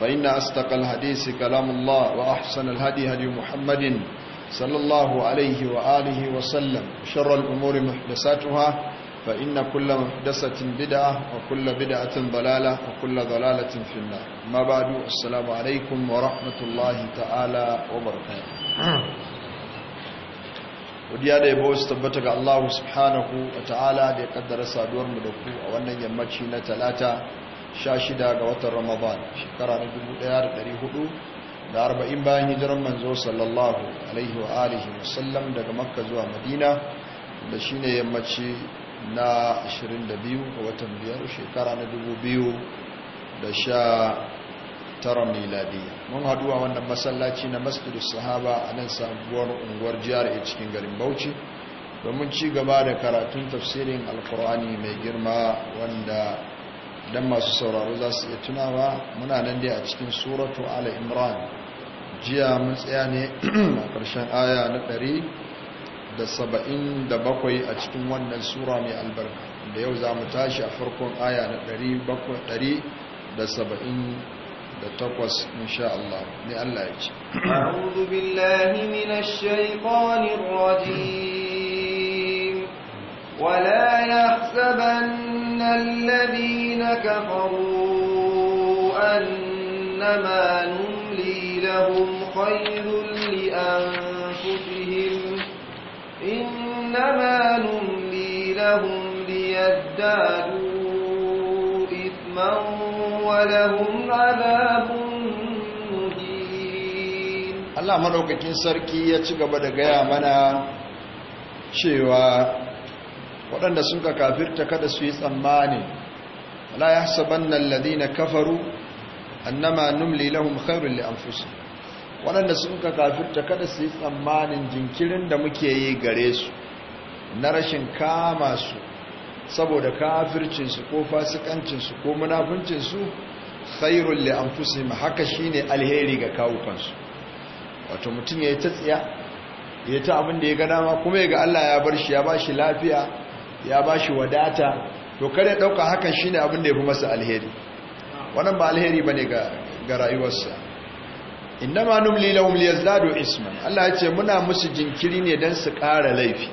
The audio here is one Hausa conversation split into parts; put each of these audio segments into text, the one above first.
فإن أصدق الحديث كلام الله وأحسن الهدي هدي محمد صلى الله عليه وآله وسلم شر الأمور محدثاتها فإن كل محدثة بدعة وكل بدعة ضلالة وكل ضلالة في النار ما بعد السلام عليكم ورحمة الله تعالى وبركاته وديا da yabo su tabbata ga Allah subhanahu wa ta'ala da ya kaddara saduwar mu da ku a wannan yammaci na talata shida ga watan ramadan shekara na arba'in bayan hijiran manzo sallallahu alaihi wa alihi wasallam daga makka zuwa madina da shi ne yammaci na 22 ga watan biyar shekara na 2019 miladiya mun haduwa wannan masallaci na masjidu sahaba a nan sabuwar unguwar jihar a cikin garin bauchi domin ci gaba da karatun tafsirin alkur'ani mai girma wanda dan masu sauraro za su iya tunawa muna nan dai a cikin suratu ala imran jiya mun tsaya ne a ƙarshen aya na ɗari da saba'in da bakwai a cikin wannan sura mai albarka da yau za mu tashi a farkon aya na ɗari da saba'in da takwas insha Allah ne Allah ya ce billahi minash shaitanir rajim wala الذين كفروا أنما نملي لهم خير لأنفسهم إنما نملي لهم ليزدادوا إثما ولهم عذاب Allah sarki ya ci gaba da gaya mana cewa waɗanda suka kafirta kada su yi tsammani ولا يحسبن الذين كفروا أنما نملي لهم خير Wannan waɗanda suka kafirta kada su yi tsammanin jinkirin da muke yi gare su na rashin kama su saboda kafircinsu ko fasikancinsu ko munafuncinsu khairun li'anfusihim haka shine alheri ga kawukansu wato mutum ya yi ta tsiya ya ta abin da ya ga dama kuma ya ga Allah ya bar shi ya ba shi lafiya ya ba shi wadata to ya ɗauka hakan shine abin da ya fi masa alheri wannan ba alheri ba ne ga rayuwarsa inda ma numli lahum liyazdadu isman Allah ya ce muna musu jinkiri ne dan su kara laifi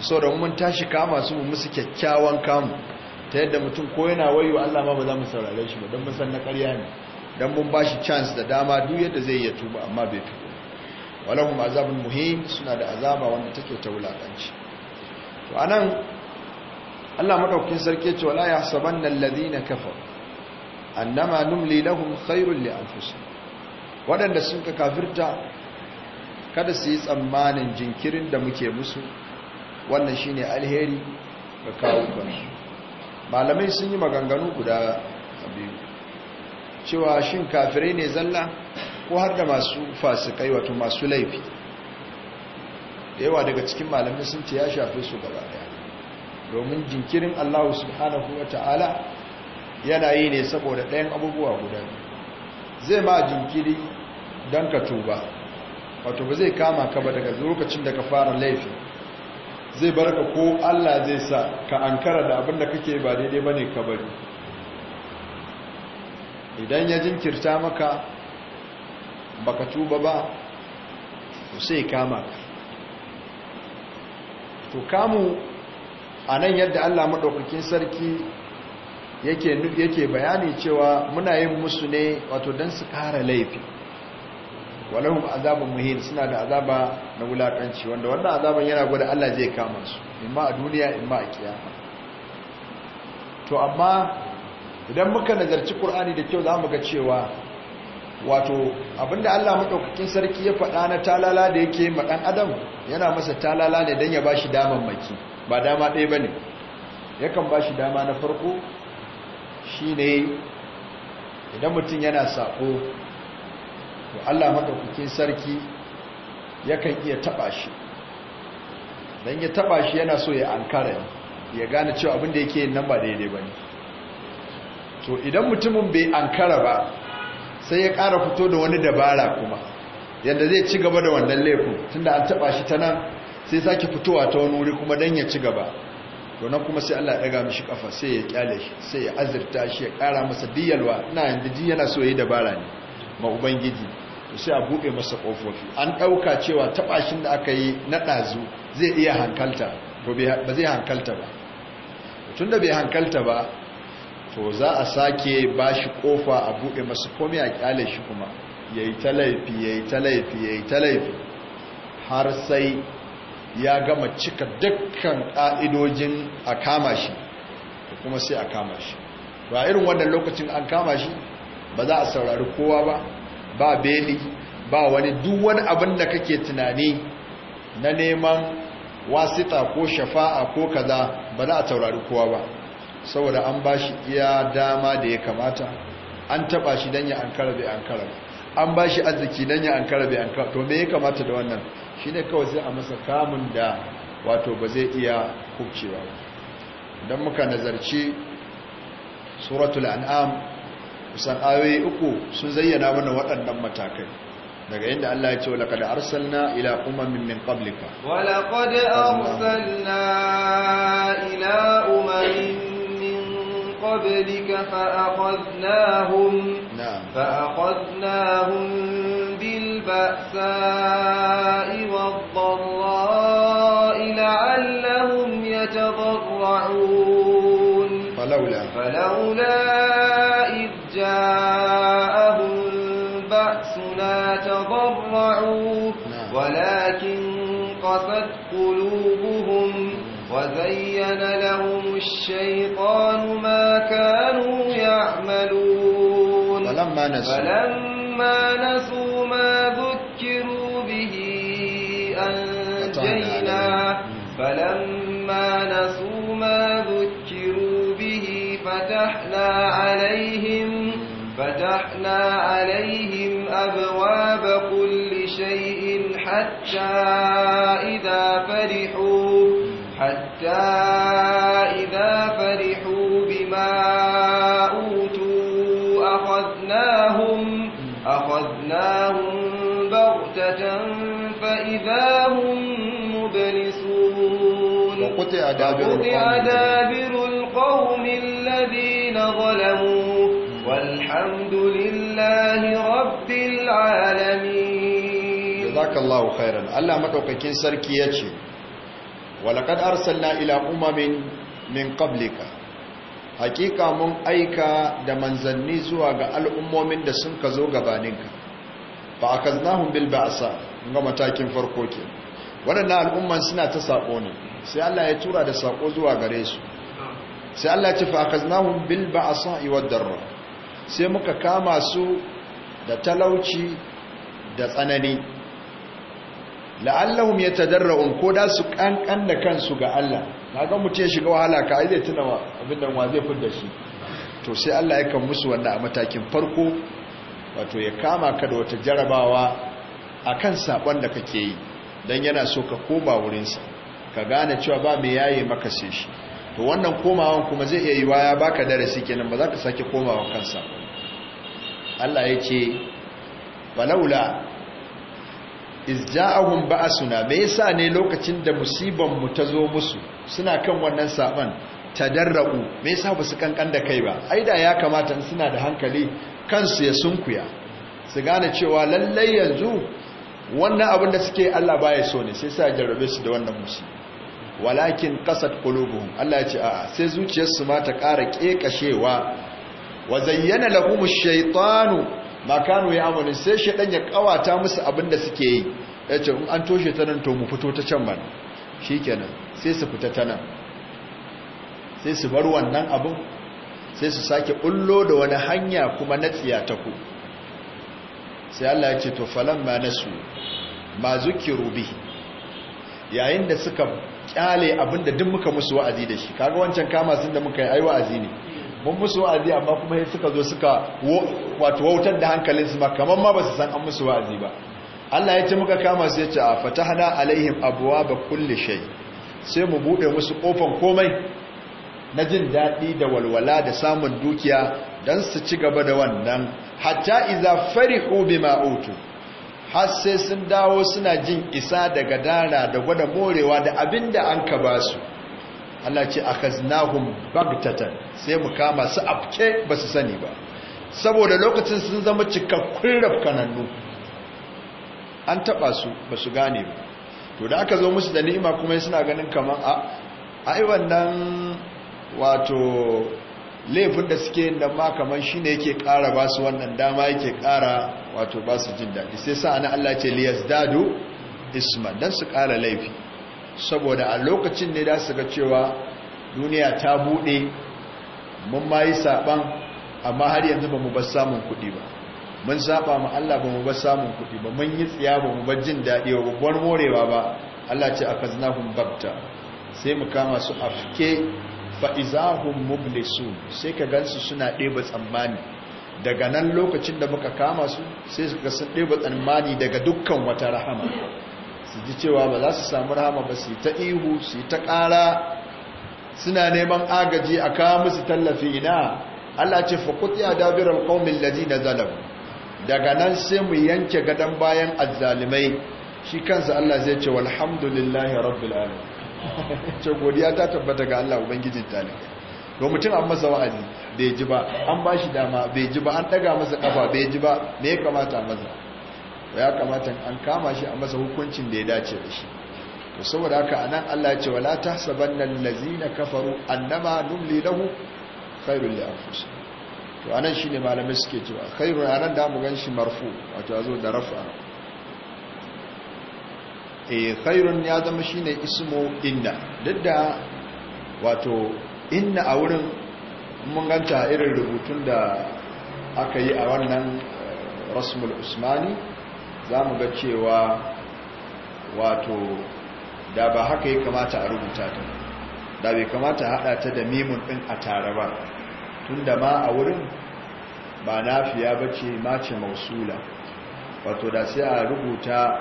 so da mun tashi kama su mu musu kyakkyawan kamu ta yadda mutum ko yana wayo Allah ma ba za mu saurare shi ba don mun san na ƙarya ne don mun ba chance da dama duk yadda zai iya tuba amma bai tuba walahum azabun muhim suna da azaba wanda take ta wulakanci to anan Allah madaukakin sarki ce wala yahsabanna alladhina kafar annama numli lahum khairul li anfusihim wadanda suka kafirta kada su yi tsammanin jinkirin da muke musu wannan shine alheri ga kawo ba malamai sun yi maganganu guda biyu cewa shin kafirai ne zalla ko har da masu fasikai wato masu laifi yawa daga cikin malamai sun ce ya shafe su gaba daya domin jinkirin Allah subhanahu wa ta'ala yana yi ne saboda ɗayan abubuwa guda zai ma jinkiri don ka tuba wato ba zai kama ka ba daga lokacin da ka fara laifi zai bar ka ko Allah zai sa ka ankara da abin da kake ba daidai ba ne ka bari idan ya jinkirta maka ba ka tuba ba sai kama to kamu a nan yadda allah maɗaukakin sarki yake bayani cewa muna yin musu ne wato don su ƙara laifi walahum azabin muhim suna da azaba na wulakanci wanda wannan azaban yana gwada Allah zai kama su imma a duniya imma a kiyama to amma idan muka nazarci ƙur'ani da kyau za mu ga cewa wato abinda Allah maɗaukakin sarki ya faɗa na talala da yake ma adam yana masa talala ne don ya ba shi daman maki ba dama ɗaya ba ne yakan ba shi dama na farko shi ne idan mutum yana saƙo da allah maɗaukakin sarki yakan iya taɓa shi don ya taɓa shi yana so ya ankara ya gane cewa abin da yake yin nan ba daidai ba ne to idan mutumin bai ankara ba sai ya ƙara fito da wani dabara kuma yadda zai ci gaba da wannan laifin tunda an taɓa shi ta nan sai sake fitowa ta wani wuri kuma dan ya ci gaba to kuma sai Allah ya daga mishi kafa sai ya kyale shi sai ya azirta shi ya kara masa diyalwa na yanzu ji yana so yi dabara ne ma ubangiji to sai a buɗe masa kofofi an ɗauka cewa taɓashin da aka yi na ɗazu zai iya hankalta ba zai hankalta ba tun da bai hankalta ba to za a sake ba shi ƙofa a buɗe masa komai a kyale shi kuma ya yi ta laifi ya yi ta laifi ya yi ta laifi har sai ya gama cika dukkan ƙa'idojin a kama shi da kuma sai a kama shi ba irin wannan lokacin an kama shi ba za a saurari kowa ba ba beli ba wani duk wani abin da kake tunani na neman wasita ko shafa'a ko kaza ba za a saurari kowa ba saboda an ba shi iya dama da ya kamata an taba shi don ya an karabe an karabe an ba shi arziki nan ya ankara to me ya kamata da wannan shi ne kawai sai a masa kamun da wato ba zai iya kubcewa ba don muka nazarci suratul an'am kusan ayoyi uku sun zayyana mana waɗannan matakai daga inda Allah ya ce wala kada arsalna ila umamin min qablika wala qad arsalna ila umamin قبلك فأخذناهم نعم. فأخذناهم بالبأساء والضراء لعلهم يتضرعون فلولا فلولا إذ جاءهم بأسنا تضرعوا نعم. ولكن قست قلوبهم وزين لهم الشيطان ما كانوا يعملون فلما نسوا, فلما نسوا ما ذكروا به أنجينا فلما نسوا ما ذكروا به فتحنا عليهم فتحنا عليهم أبواب كل شيء حتى حتى إذا فرحوا بما أوتوا أخذناهم أخذناهم بغتة فإذا هم مبلسون وقطع دابر القوم الذين ظلموا والحمد لله رب العالمين جزاك الله خيرا الله مدوكاكين سركي يجي walakad arsalna ila umamin min qablika hakika mun aika da manzanni zuwa ga al'ummomin da sun ka zo gabaninka fa akaznahum bil ba'sa ga matakin farko ke waɗannan al'umman suna ta saƙo ne sai Allah ya tura da saƙo zuwa gare su sai Allah ya ce fa akaznahum bil ba'sa wad darra sai muka kama su da talauci da tsanani la'allahum yatadarrun ko da su kankan da kansu ga Allah kaga mutum ya shiga wahala ka ai zai tuna abin nan wa zai da shi to sai Allah ya kan musu wannan a matakin farko wato ya kama ka da wata jarabawa akan sabon da kake yi dan yana so ka koma wurin ka gane cewa ba mai yaye maka shi to wannan komawan kuma zai iya yiwa ya baka darasi kenan ba za ka sake komawa kansa Allah ya ce falaula izja'ahum ba'asuna me yasa ne lokacin da musiban mu ta zo musu suna kan wannan saban tadarru me yasa ba su kankan da kai ba ai da ya kamata in suna da hankali kansu ya sunkuya su gane cewa lallai yanzu wannan abin da suke Allah baya so ne sai sa jarrabe su da wannan musibi walakin qasat qulubuhum Allah ya ce a'a sai zuciyarsu ma ta ƙara kekashewa wa zayyana lahumu shaytanu ma kanu ya amalin sai shaɗan ya ƙawata musu abin da suke yi ya ce in an toshe ta nan to mu fito ta can mana kenan sai su fita ta nan sai su bar wannan abin sai su sake bullo da wani hanya kuma na tsiya ta ku sai Allah ya ce to falan ma su ma zukiru rubi yayin da suka kyale abin da duk muka musu wa'azi da shi kaga wancan kama sun da muka yi ai wa'azi ne mun musu wa'azi amma kuma sai suka zo suka wato wautar da hankalinsu ba kamar ma ba su san an musu wa'azi ba Allah ya ce muka kama su ya ce a fatahna alaihim abwaaba kulli shay sai mu buɗe musu kofan komai na jin daɗi da walwala da samun dukiya dan su ci gaba da wannan hatta izafari, farihu bima utu har sai sun dawo suna jin isa daga dara da gwada morewa da abinda an ka basu Allah ce akaznahum bagtatan sai mu kama su afke ba su sani ba saboda lokacin sun zama cikakkun rafkanannu an taba su ba su gane ba to da aka zo musu da ni'ima kuma suna ganin kamar a ai wannan wato laifin da suke da ma kamar shi ne yake ƙara ba su wannan dama yake ƙara wato ba su jin daɗi sai sa ana Allah ce liyas dadu isma don su ƙara laifi saboda a lokacin ne da su ga cewa duniya ta bude mun ma yi saɓan amma har yanzu ba mu ba samun kudi ba mun saba ma Allah ba mu ba samun kudi ba mun yi tsiya ba mu ba jin daɗi ba babbar morewa ba Allah ce akaznahum babta sai mu kama su Afke fa izahum mublisu sai ka gansu suna ɗeba tsammani daga nan lokacin da muka kama su sai suka sun ɗeba tsammani daga dukkan wata rahama su ji cewa ba za su samu rahama ba su ta ihu su ta ƙara suna neman agaji a kawo musu tallafi na. Allah ce faƙuɗi a dabirar ƙaumin lazi na zalam daga nan sai mu yanke gadon bayan azzalimai shi kansa Allah zai ce walhamdulillahi rabbil alamin ce godiya ta tabbata ga Allah ubangijin talibai to mutum an masa wa'azi bai ji ba an ba shi dama bai ji ba an daga masa kafa bai ji ba me ya kamata masa. ya kamata an kama shi a masa hukuncin da ya dace da shi to saboda haka anan Allah ya ce wala tahsabanna allazina kafaru annama numli lahu khairul li anfusihim to anan shine malamai suke cewa khairu anan da mu ganshi marfu wato azo da raf'a eh khairun ya zama shine ismu inna dadda wato inna a wurin mun ganta irin rubutun da aka yi a wannan eh, rasmul usmani za mu ga cewa wato da ba haka ya kamata a rubuta ta da bai kamata haɗa ta da mimun ɗin a tare ba tun da ma a wurin ba nafiya ba ce mace mausula wato da sai a rubuta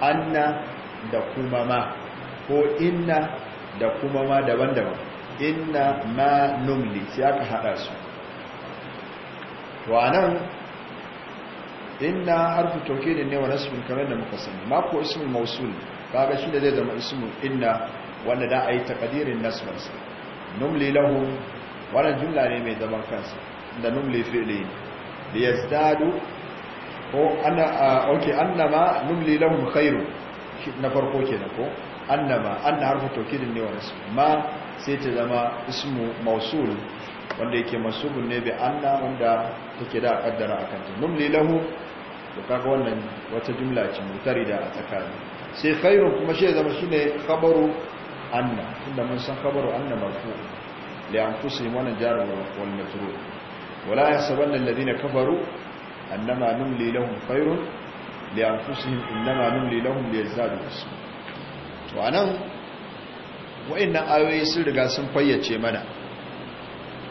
anna da kuma ma ko inna da kuma ma daban-daban inna ma numli sai aka haɗa su wa nan inna harfu tawkidin ne wa nasbun kamar da muka sani ma ko ismul mawsul kaga shi da zai zama ismul inna wanda da ayi taqdirin nasban sa numli lahu wannan jumla ne mai zaman kansa da numli fi'li li yazdadu ko anna okay annama numli lahu khairu na farko kenan ko annama anna harfi tawkidin ne wa nasbun ma sai ta zama ismu mausul wanda yake masubun ne bi anna wanda take da kaddara akan ta numli lahu da kaga wannan wata jumla ce da a tsakani sai khairu kuma shi zama shine khabaru anna tunda mun san khabaru anna marfu li anfusihim wannan jarun wal majrur wala yasabanna alladhina kafaru annama numli lahum khairun li anfusihim innama numli lahum liyazdadu to anan wa'annan ayoyi sun riga sun fayyace mana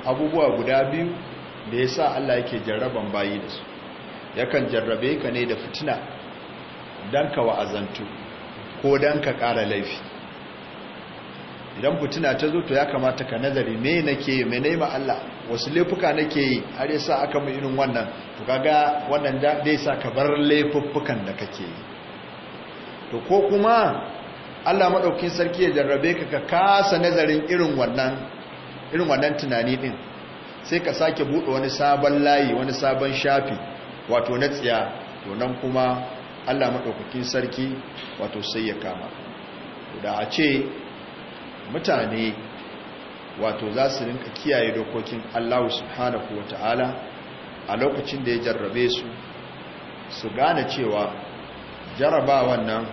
abubuwa guda biyu da yasa Allah yake jarraban bayi da su yakan jarrabe ka ne da fitina don ka wa'azantu ko don ka ƙara laifi idan fitina ta zo to ya kamata ka nazari me nake yi me nema Allah wasu laifuka nake yi har sa aka mai irin wannan to kaga wannan dai sa ka bar laifuffukan da kake yi to ko kuma Allah maɗaukin sarki ya jarrabe ka ka kasa nazarin irin wannan irin wannan tunani din sai ka sake buɗe wani sabon layi wani sabon shafi wato na tsiya to nan kuma Allah maɗaukakin sarki wato sai ya kama da a ce mutane wato za su rinka kiyaye dokokin Allah subhanahu Ta'ala a lokacin da ya jarrabe su su gane cewa jaraba wannan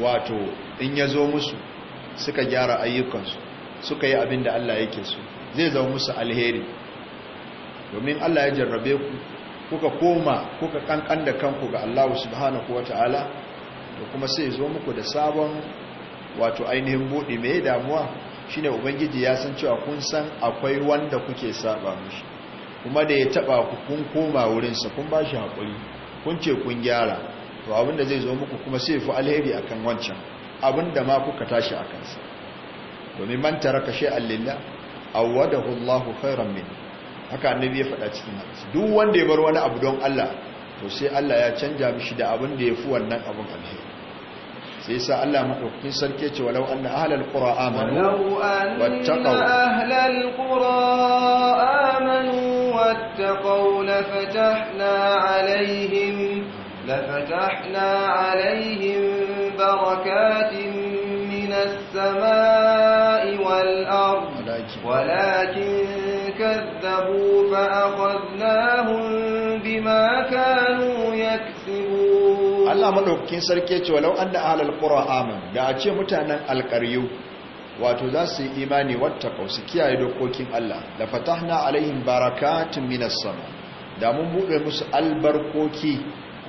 wato in ya zo musu suka gyara ayyukansu suka yi abin da Allah yake so zai zama musu alheri domin Allah ya jarrabe ku kuka koma kuka kankan da kanku ga Allah subhanahu wataala to kuma sai zo muku da sabon wato ainihin bude mai damuwa shine ubangiji ya san cewa kun san akwai wanda kuke saba mushi kuma da ya taba ku kun koma wurinsa kun bashi hakuri haƙuri kun ce kun gyara to abinda zai zo muku kuma sai fi alheri akan wancan da ma kuka tashi akan sa. domin man taraka shay'an lillah awadahu Allahu khairan minhu haka annabi ya faɗa cikin hadisi duk wanda ya bar wani abu don Allah to sai Allah ya canja mishi da abin da fi wannan abin alheri sai sa Allah madaukakin sarki ce walau anna ahlal qura amanu wattaqu ahlal qura amanu wattaqu la fatahna alaihim la fatahna alaihim barakatin minas samai wal ard walakin كذبوا فأخذناهم بما كانوا يكسبون الله مدوكين سركي ولو أن أهل القرى آمن da a ce mutanen alƙaryu wato za su yi imani wattaqau su kiyaye dokokin Allah la fatahna alaihim barakatun minas sama da mun bude musu albarkoki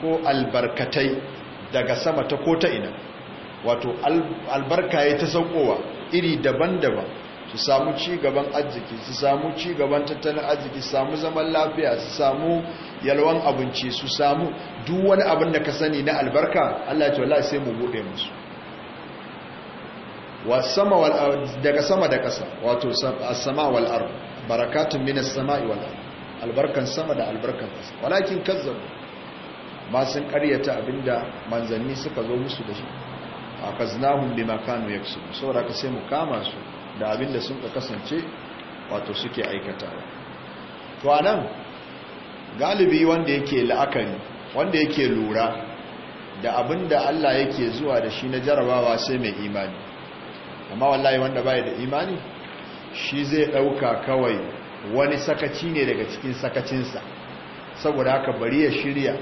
ko albarkatai daga sama ta ko ta ina wato albarka ta saukowa iri daban-daban su samu ci gaban arziki su samu ci gaban tattalin arziki su samu zaman lafiya su samu yalwan abinci su samu duk wani abin da ka sani na albarka Allah ce wallahi sai mu bude musu sama wal daga sama da kasa wato as-sama wal ard barakatun minas sama'i wal ard albarkan sama da albarkan kasa walakin kazzab ba sun ƙaryata abinda manzanni suka zo musu da shi kaznahum bima kanu yaksubu saboda ka sai mu kama su da abin da sun kasance wato suke aikata. to anan galibi wanda yake la'akari wanda yake lura da abin da Allah yake zuwa da shi na jarabawa sai mai imani amma wallahi wanda bai da imani shi zai ɗauka kawai wani sakaci ne daga cikin sakacinsa saboda haka bari ya shirya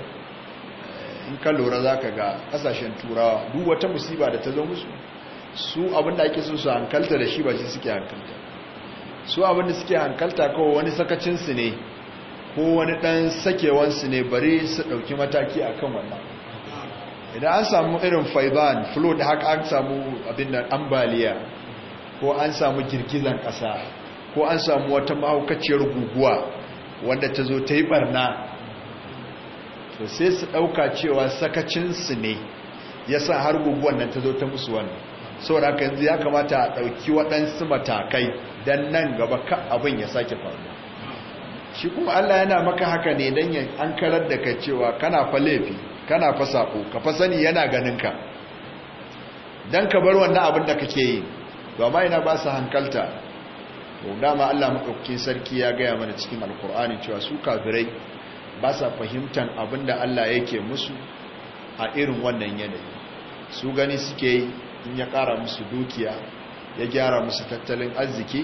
in ka lura za ka ga ƙasashen turawa duk wata musiba da ta zo musu su abinda ake so su hankalta da shi ba shi suke hankalta su abinda suke hankalta kawai wani sakacinsu ne ko wani ɗan sakewansu ne bari su ɗauki mataki a kan wannan idan an samu irin faiban da haka an samu abinda ambaliya ko an samu girgizan kasa ko an samu wata mahaukaciyar guguwa wanda ta zo ta yi barna to sai su ɗauka cewa sakacinsu ne ya sa har guguwan nan ta zo ta musu wannan saboda haka yanzu ya kamata a ɗauki waɗansu matakai don nan gaba ka abin ya sake faru shi kuma Allah yana maka haka ne don yin an karar da ka cewa kana fa laifi kana fa saƙo ka fa sani yana ganin ka don ka bar wannan abin da kake yi ma yana ba su hankalta to dama Allah maɗaukakin sarki ya gaya mana cikin alkur'ani cewa su kafirai ba sa fahimtar abin da Allah yake musu a irin wannan yanayi su gani suke yi in ya kara musu dukiya ya gyara musu tattalin arziki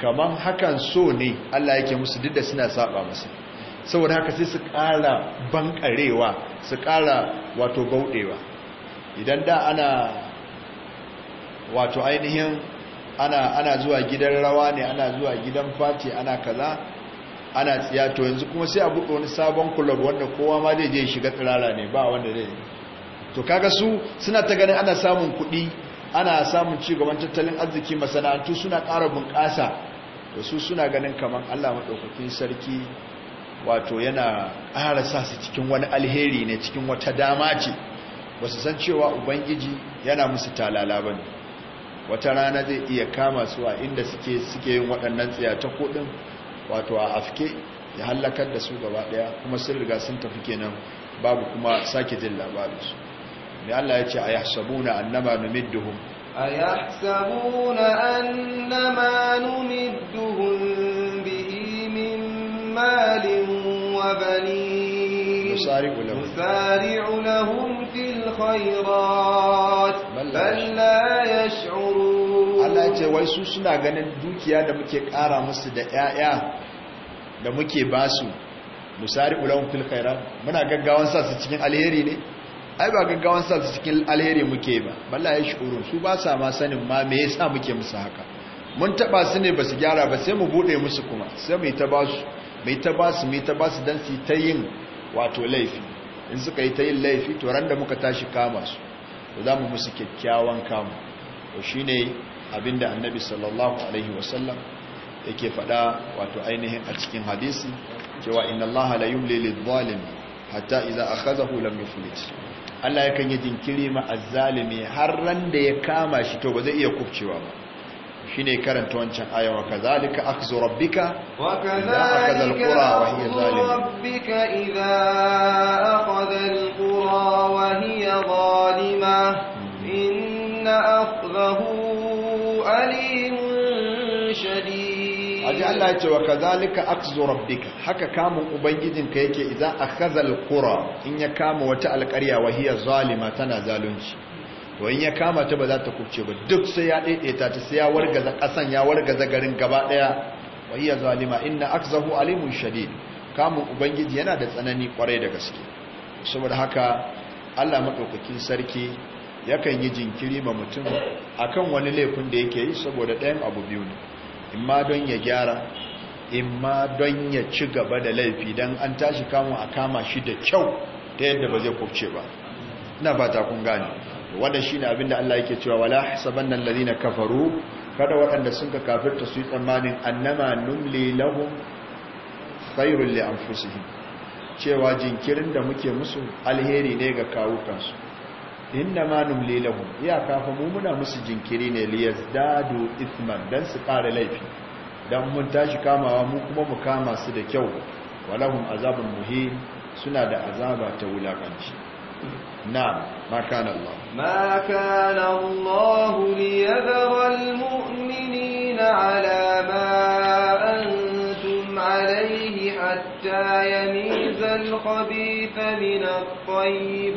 kamar hakan so ne Allah yake musu duk da suna saba musu saboda haka sai su kara bankarewa su ƙara wato bauɗewa idan da ana wato ainihin ana ana zuwa gidan rawa ne ana zuwa gidan fati ana kaza ana tsiya to yanzu kuma sai a buɗe wani sabon kulob wanda kowa ma zai je shiga tsirara ne ba wanda zai to kaga su suna ta ganin ana samun kuɗi ana samun cigaban tattalin arziki masana'antu suna ƙara bunƙasa da su suna ganin kamar allah maɗaukakin sarki wato yana ƙara sa su cikin wani alheri ne cikin wata dama ce ba su san cewa ubangiji yana musu talala ba ne wata rana zai iya kama su a inda suke suke yin waɗannan ta kuɗin wato a afke ya hallakar da su gaba ɗaya kuma sun riga sun tafi kenan babu kuma sake jin labarinsu mai Allah ya ce a yahsabuna annama numidduhum أيحسبون أنما نمدهم به من min malin wa bani. musari ulahun fil khairat balla ya shuru. Allah ya ce wai su suna ganin dukiya da muke ƙara musu da ƴaƴa da muke basu musari ulahun fil khairat muna gaggawan sa su cikin alheri ne ai ba gaggawan sa su cikin alheri muke ba balla ya shukuru su ba sa ma sanin ma me yasa muke musu haka mun taba su ne basu gyara ba sai mu bude musu kuma sai mu ta ba su mai ta ba su mai ta ba su dan su ta yin wato laifi in suka yi ta yin laifi to ran da muka tashi kama su to za musu kyakkyawan kama to shine abinda annabi sallallahu alaihi wasallam yake faɗa wato ainihin a cikin hadisi cewa inna allaha la yumli lidh-dhalim hatta idza akhadhahu lam yuflih Allah yakan kanyi jinkiri ma azzalimi har ran da ya kama shi to ba zai iya kufcewa ba shine karanta wancan ayon wa kazalika akhzu rabbika wa kazalika alqura wa hiya zalim rabbika idha akhadha alqura wa zalima hmm. inna Allah ce wa kazalika akzu rabbika haka kamun ubangijin ubangijinka yake idan akhadha alqura in ya kama wata alƙarya wa hiya zalima tana zalunci to in ya kama ta ba za ta kubce ba duk sai ya daidaita ta sai ya wargaza kasan ya wargaza garin gaba daya wa hiya zalima inna akzahu alimun shadid kamun ubangiji yana da tsanani kwarai da gaske saboda haka Allah madaukakin sarki yakan yi jinkiri ma mutum akan wani laifin da yake yi saboda ɗayan abu biyu ne imma don ya gyara imma don ya ci gaba da laifi don an tashi kamun a kama shi da kyau ta yadda ba zai kufce ba ina ta kun wadda shi ne abinda Allah yake cewa wala nan hasabanna na kafaru kada waɗanda sun ka kafirta su yi tsammanin annama numle lahun khairul li cewa jinkirin da muke musu alheri ne ga kawukansu inna ma manum lahum iyaka fa mu muna musu jinkiri ne liyazdadu ithman dan su ƙara laifi dan mun tashi kamawa mu kuma mu kama su da kyau walahum azabun muhin suna da azaba ta wulakanci Na ma kana Allah ma kana Allah liyadhara mu'minina ala ma antum alayhi hatta yamiza khabitha min at-tayyib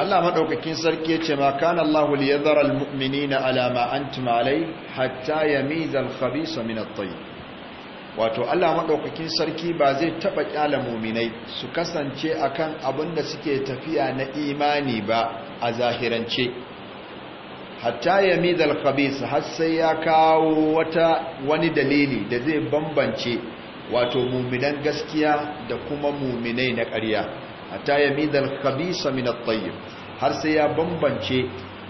Allah Maɗaukakin sarki yace ma kana Allahu li yadhara almu'minina ala ma antum alai hatta yamiza khabisa min at-tayyib wato Allah madaukakin sarki ba zai taba kyala mu'minai su kasance akan abinda suke tafiya na imani ba a zahirance hatta yamiza Khabisa har sai ya kawo wata wani dalili da zai bambance wato mu'minan gaskiya da kuma mu'minai na ƙarya hatta ya midal khabisa min at-tayyib har sai ya bambance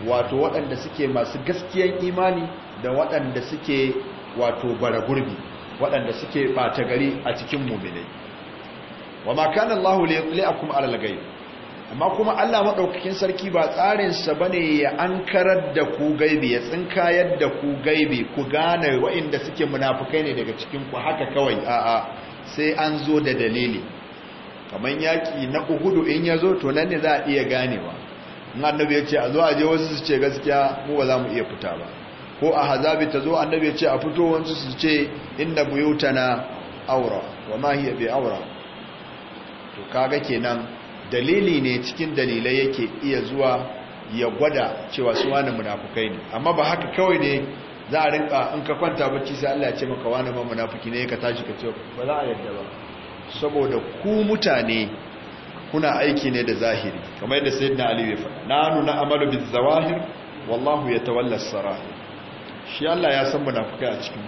wato waɗanda suke masu gaskiyan imani da waɗanda suke wato bara gurbi waɗanda suke bata gari a cikin mu'minai wa ma kana Allahu liyakum ala al-ghaib amma kuma Allah madaukakin sarki ba tsarin ba ne ya ankarar da ku gaibi ya tsinkayar da ku gaibi ku gane wa'inda suke munafukai ne daga cikin ku haka kawai a'a sai an zo da dalili kamar yaki na uhudu in ya zo to nan ne za a iya ganewa in annabi ya ce a zo a je wasu su ce gaskiya mu ba za mu iya fita ba ko a hazabi ta zo annabi ya ce a fito wasu su ce inda na aura wa ma bi aura to kaga kenan dalili ne cikin dalilai yake iya zuwa ya gwada cewa su wani munafukai ne amma ba haka kawai ne za a rinka in ka kwanta bacci sai Allah ya ce maka wani ma munafiki ne ka tashi ka ce ba za a yadda ba saboda ku mutane kuna aiki ne da zahiri kamar yadda na Aliyu ya faɗa nuna na amalu biz zawahir wallahu tawallar sarahir shi Allah ya san munafukai a cikin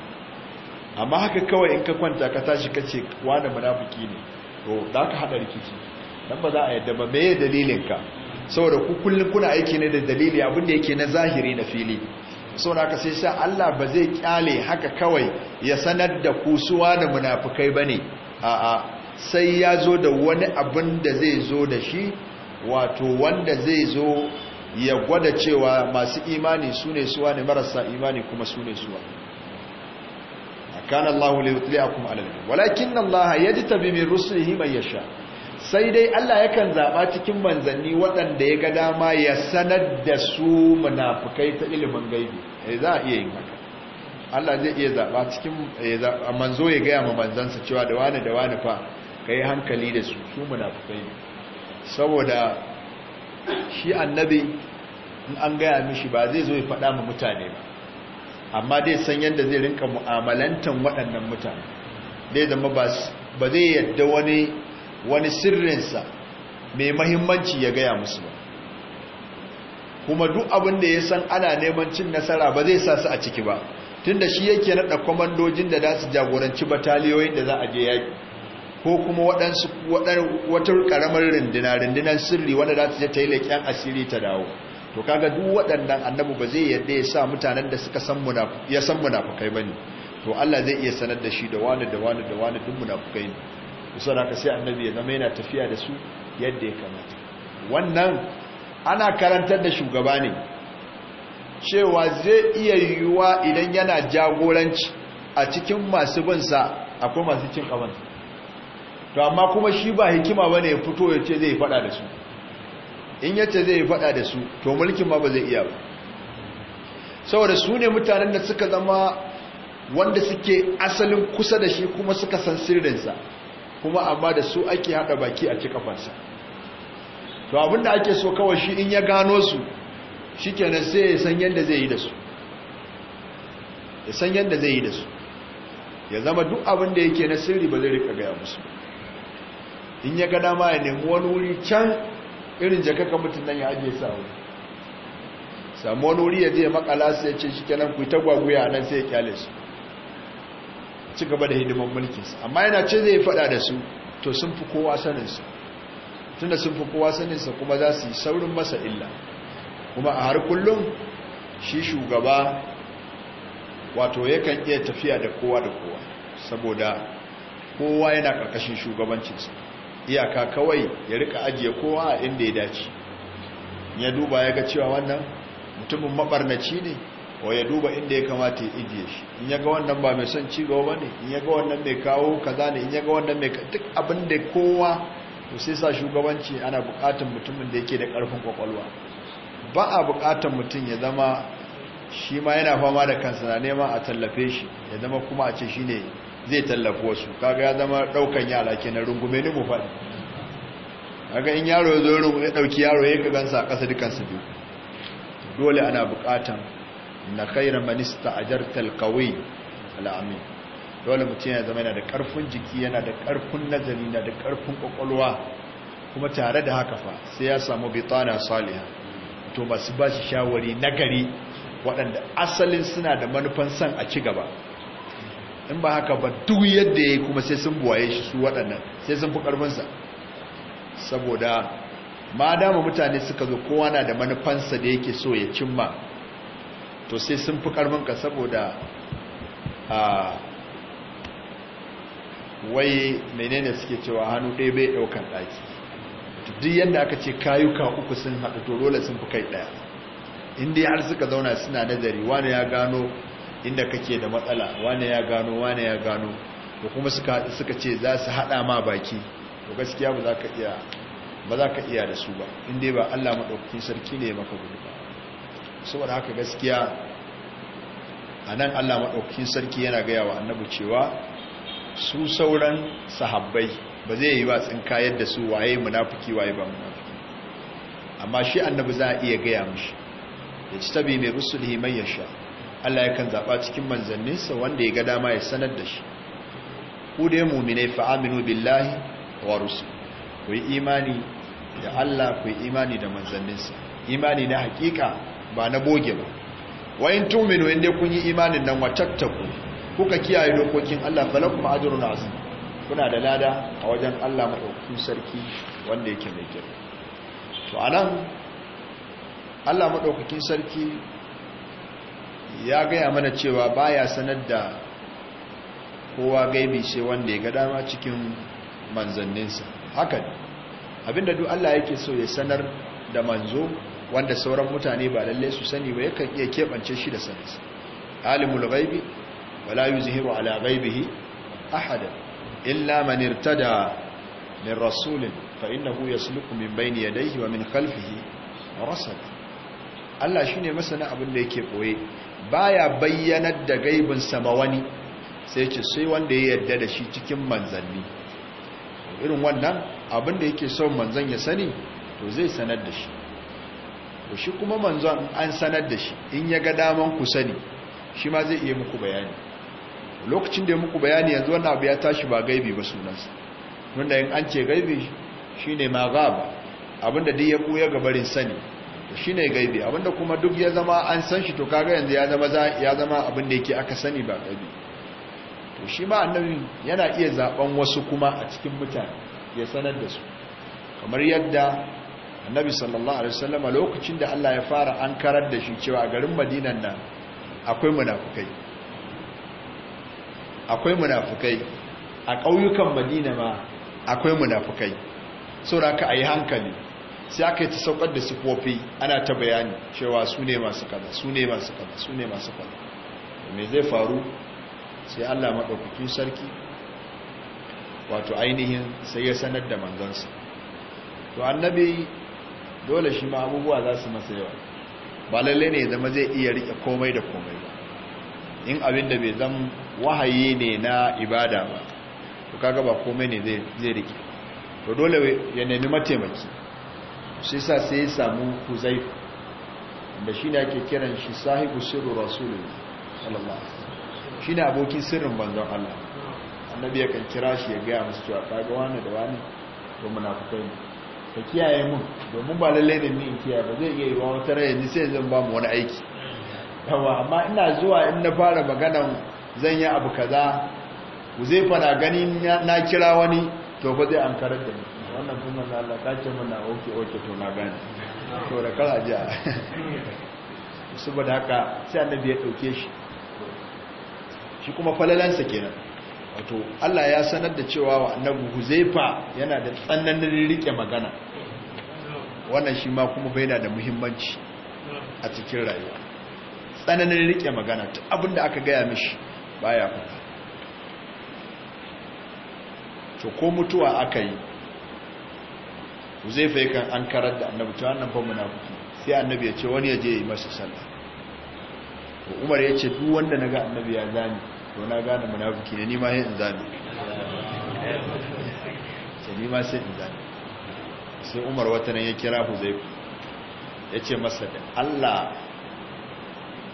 amma haka kawai in ka kwanta ka tashi ka kace wani munafuki ne to za ka haɗa rikici dan ba za a yadda ba meye dalilinka? saboda ku kuna aiki ne da dalili abin da yake na zahiri na fili saboda haka sai sai Allah ba zai kyale haka kawai ya sanar da ku suwa da ba bane a'a sai ya zo da wani abin da zai zo da shi wato wanda zai zo ya gwada cewa masu imani su ne suwa ne marasa imani kuma su ne suwa kan Allah li yutliakum kuma al walakin Allah yajtabi min himar ya yasha sai dai Allah yakan zaɓa cikin manzanni waɗanda ya ga dama ya sanar da su munafukai ta ilimin gaibi eh, za a iya yin haka Allah zai iya zaba cikin manzo ya gaya ma manzansa cewa da wani da wani fa yi hankali da su su munafikai saboda shi annabi in an gaya mishi ba zai zo ya faɗa ma mutane ba amma dai san yadda zai rinka mu'amalantan waɗannan mutane dai zama ba zai yadda wani wani sirrinsa mai mahimmanci ya gaya musu ba kuma duk abin da ya san ana neman cin nasara ba zai sa su a ciki ba tunda shi yake naɗa kwamandojin da za su jagoranci bataliyoyin da za a je yaƙi ko kuma waɗansu wata ƙaramar rindina rindinan sirri wanda za su je ta yi leƙen asiri ta dawo to kaga duk waɗannan annabu ba zai yarda ya sa mutanen da suka san ya san munafukai ba ne to Allah zai iya sanar da shi da wani da wani da wani duk munafukai ne kusa da ka sai annabi ya zama yana tafiya da su yadda ya kamata wannan ana karantar da shugaba ne cewa zai iya yiwuwa idan yana jagoranci a cikin masu binsa akwai masu cin kaban to amma kuma shi ba hikima bane ya fito ya ce zai fada da su in yace zai fada da su to mulkin ma ba zai iya ba saboda su ne mutanen da suka zama wanda suke asalin kusa da shi kuma suka san sirrinsa kuma amma da su ake hada baki a cikin kafansa to abinda ake so kawai shi in ya gano su shi kenan sai ya san yadda zai yi da su ya san yadda zai yi da su ya zama duk abin da yake na sirri ba zai rika gaya musu in ya gada ma ya nemi wani wuri can irin jakakan mutum nan ya ajiye sa samu wani wuri ya je makala sai ya ce shi kenan ku ta gwaguya nan sai ya kyale su ci gaba da hidiman su. amma yana ce zai faɗa da su to sun fi kowa saninsu tunda sun fi kowa saninsa kuma za su yi saurin masa illa kuma a har kullum shi shugaba wato yakan iya tafiya da kowa da kowa saboda kowa yana ƙarƙashin shugabancinsa iyaka kawai ya rika ajiye kowa a inda ya dace ya duba ya ga cewa wannan mutumin mabarnaci ne wa ya duba inda ya kamata ya ijiye shi in ya ga wannan ba mai son ci gaba ne in ya ga wannan mai kawo kaza ne in ya ga wannan mai duk abin da kowa to sai sa shugabanci ana bukatun mutumin da yake da karfin kwakwalwa ba a bukatar mutum ya zama shi ma yana fama da kansa na neman a tallafe shi ya zama kuma a ce shi ne zai tallafi wasu kaga ya zama daukan yara ke na rungume ni mu faɗi kaga in yaro ya zo rungume ɗauki yaro ya gansa a ƙasa dukansu biyu dole ana buƙatan na kaira manista a jar talkawai al'amin dole mutum ya zama yana da ƙarfin jiki yana da ƙarfin nazari yana da ƙarfin ƙwaƙwalwa kuma tare da haka fa sai ya samu bitana saliha to masu ba su shawari na gari waɗanda asalin suna da manufan san a ci gaba in ba haka ba duk yadda ya yi kuma sai sun buwaye shi su waɗannan sai sun fi ƙarfinsa saboda ma dama mutane suka zo kowa na da manufansa da yake so ya cimma to sai sun fi ƙarfinka saboda a waye menene suke cewa hannu ɗaya bai ɗaukan ɗaki duk yadda aka ce kayuka uku sun haɗu to dole sun fi kai ɗaya inda har suka zauna suna nazari wane ya gano inda kake da matsala wane ya gano wane ya gano ko kuma suka ce za su haɗa ma baki to gaskiya ba za ka iya ba za ka iya da su ba inda ba allah maɗaukakin sarki ne maka gudu ba saboda haka gaskiya a nan allah maɗaukakin sarki yana gaya wa annabi cewa su sauran sahabbai ba zai yi ba tsinkayar da su waye munafuki, waye ba munafiki amma shi annabi za a iya gaya mishi ya ci tabi mai rusulihi ya yasha Allah yakan zaɓa cikin manzanninsa wanda ya ga dama ya sanar da shi ku dai mu'minai fa aminu billahi wa rusul ku yi imani da Allah ku yi imani da manzanninsa imani na hakika ba na boge ba wayin tuminu inda kun yi imanin nan wa tattaku kuka kiyaye dokokin Allah falakum ajrun azim kuna da lada a wajen Allah maɗaukakin sarki wanda yake mai girma to anan Allah maɗaukakin sarki ya gaya mana cewa baya sanar da kowa gaibi sai wanda ya ga dama cikin manzanninsa haka ne abinda duk Allah yake so ya sanar da manzo wanda sauran mutane ba lalle su sani ba yakan iya keɓance shi da sanarsa alimul gaibi wala yuzhiru ala gaibihi ahadan illa man irtada min rasulin fa innahu yasluku min bayni yadayhi wa min khalfihi rasad Allah shine masana abin da yake koye baya bayyanar da gaibin sama wani sai ce sai wanda ya yarda da shi cikin manzanni irin wannan abin da yake son manzan ya sani to zai sanar da shi to shi kuma manzon an sanar da shi in ya ga daman ku sani shi ma zai iya muku bayani lokacin da ya muku bayani yanzu wannan abu ya tashi ba gaibi ba sunansa wanda yin an ce gaibi shi ne ma gaba abinda duk ya buya gabarin sani shi ne gaibi abinda kuma duk ya zama an san shi to kaga yanzu ya zama abinda yake aka sani ba gaibi to shi ma annabi yana iya zaben wasu kuma a cikin mutane ya sanar da su kamar yadda annabi sallallahu alaihi a lokacin da Allah ya fara an karar da shi cewa a garin Madinan nan akwai munafukai akwai munafukai a ƙauyukan madina ma akwai munafukai saboda ka a yi hankali sai aka yi ta saukar da sifofi ana ta bayani cewa su ne masu kada su ne masu kada su ne masu kada me zai faru sai allah maɗaukakin sarki wato ainihin sai ya sanar da manzansa to annabi dole shi ma abubuwa za su masa yawa ba lalle ne zama zai iya rike komai da komai ba in abin da bai zan. wahayi ne na ibada ba to kaga ba komai ne zai rike to dole ya nemi mataimaki shi sa sai ya samu kuzai. da shi ne ake kiran shi sahibu sirru rasulullahi sallallahu shi ne abokin sirrin banzan Allah annabi ya kan kira shi ya gaya musu cewa kaga wani da wani to munafukai ne ka kiyaye mun domin ba lallai ne ni in kiyaye ba zai iya yi wa wata rayu ni sai zan ba mu wani aiki yawa amma ina zuwa in na fara maganan zan yi abu kaza zai na ganin na kira wani to ba zai an karar da ni wannan kuma na Allah ce mana oke oke to na gani to da kala ji saboda haka sai annabi ya dauke shi shi kuma falalansa kenan wato Allah ya sanar da cewa wa annabi huzaifa yana da tsananin rike magana wannan shi ma kuma bai da muhimmanci a cikin rayuwa tsananin rike magana abinda aka gaya mishi baya faɗi to ko mutuwa aka yi zai fai kan an karar da annabi to annan fa munafiki sai annabi ya ce wani ya je yi masa sallah to umar ya ce duk wanda naga annabi ya zani to na gane munafiki ne ni ma sai in zani sai ni ma sai in zani sai umar wata nan ya kira ku zai ya ce masa da Allah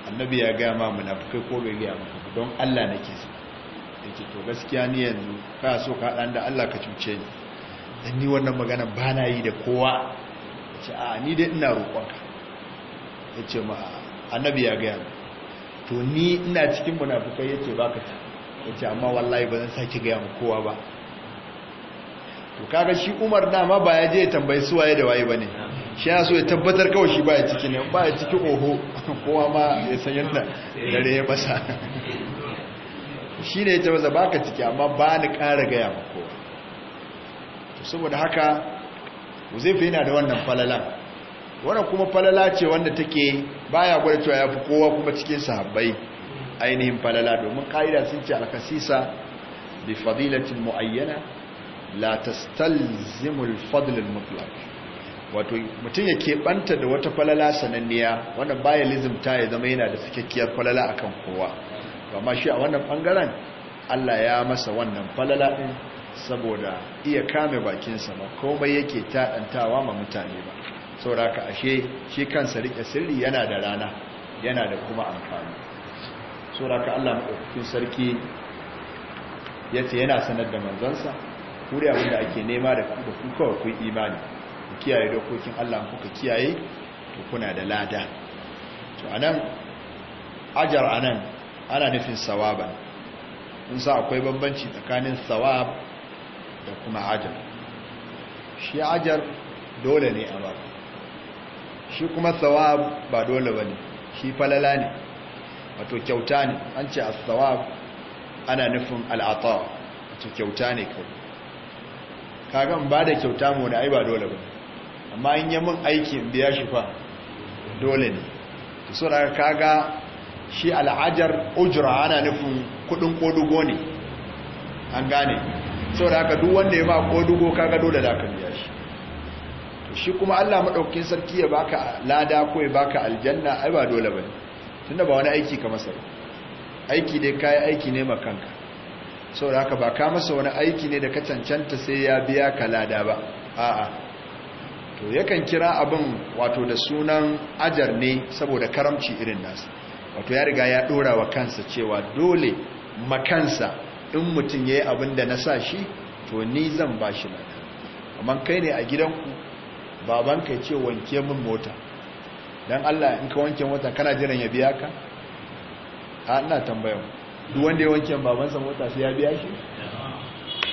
annabi ya gaya ma munafikai ko bai gaya ma don Allah na ke su da ke to gaskiya ni yanzu ka so ka ɗan da Allah ka cuce ni dan ni wannan magana ba na yi da kowa ce a ni dai ina roƙonka ce ma annabi ya ga to ni ina cikin ce ba baka ta ce amma wallahi ba zan sake gaya mu kowa ba to kaga shi Umar dama ba ya je tambayi su waye da waye ba ne? shi ya so ya tabbatar kawai shi ba ya ciki ne Ba ya ciki oho kowa ma ya san yadda dare ya basa shi ne ya ce baka ciki amma ba ni ƙara gaya mako. saboda haka uzaifa yana da wannan falala wannan kuma falala ce wanda take baya gwada cewa ya fi kowa kuma cikin sahabbai ainihin falala domin ƙa'ida sun ce alkasisa bi fadilatin mu'ayyana la tastalzimul mutlaq wato mutum ya keɓanta da wata falala sananniya wanda baya lizimta ya zama yana da cikakkiyar falala akan kowa ma shi a wannan bangaren Allah ya masa wannan falala din saboda iya kame bakinsa ba komai yake taɗantawa ma mutane ba sauraka ashe shi kansa rike sirri yana da rana yana da kuma amfani sauraka Allah maɗaukakin sarki ya yana sanar da manzansa kuri abinda ake nema da kuka kuka kun imani ku kiyaye dokokin Allah kuka kiyaye to kuna da lada to anan ajar anan ana nufin sawaban in sa akwai bambanci tsakanin sawab da kuma ajar shi ajar dole ne a ba shi kuma sawab ba dole ba ne shi falala ne wato kyauta ne an ce a sawab ana nufin al'ata wato kyauta ne kawai kagan ba da kyauta mu da ai ba dole ba amma in yi yamin aikin biya shi fa dole ne su da kaga shi al'ajar ujira ana nufin kudin kodugo ne an gane da haka duk wanda ya ba kodugo ga dole da kan biya shi shi kuma Allah maɗaukin sarki ya baka lada ko ya baka aljanna ai ba dole bane tunda ba wani aiki ka masa aiki dai kai aiki ne makanka da haka ba ka masa wani aiki ne da ka cancanta sai ya biya ka lada ba a'a to yakan kira abin wato da sunan ajar ne saboda karamci irin nasa wato ya riga ya dora wa kansa cewa dole makansa in mutum ya yi abin da na sa shi to ni zan ba shi na amma kai ne a gidanku babanka kai ce wanke min mota don allah in ka wanke mota kana jiran ya biya ka a ina tambayon duk wanda ya wanke babansa mota sai ya biya shi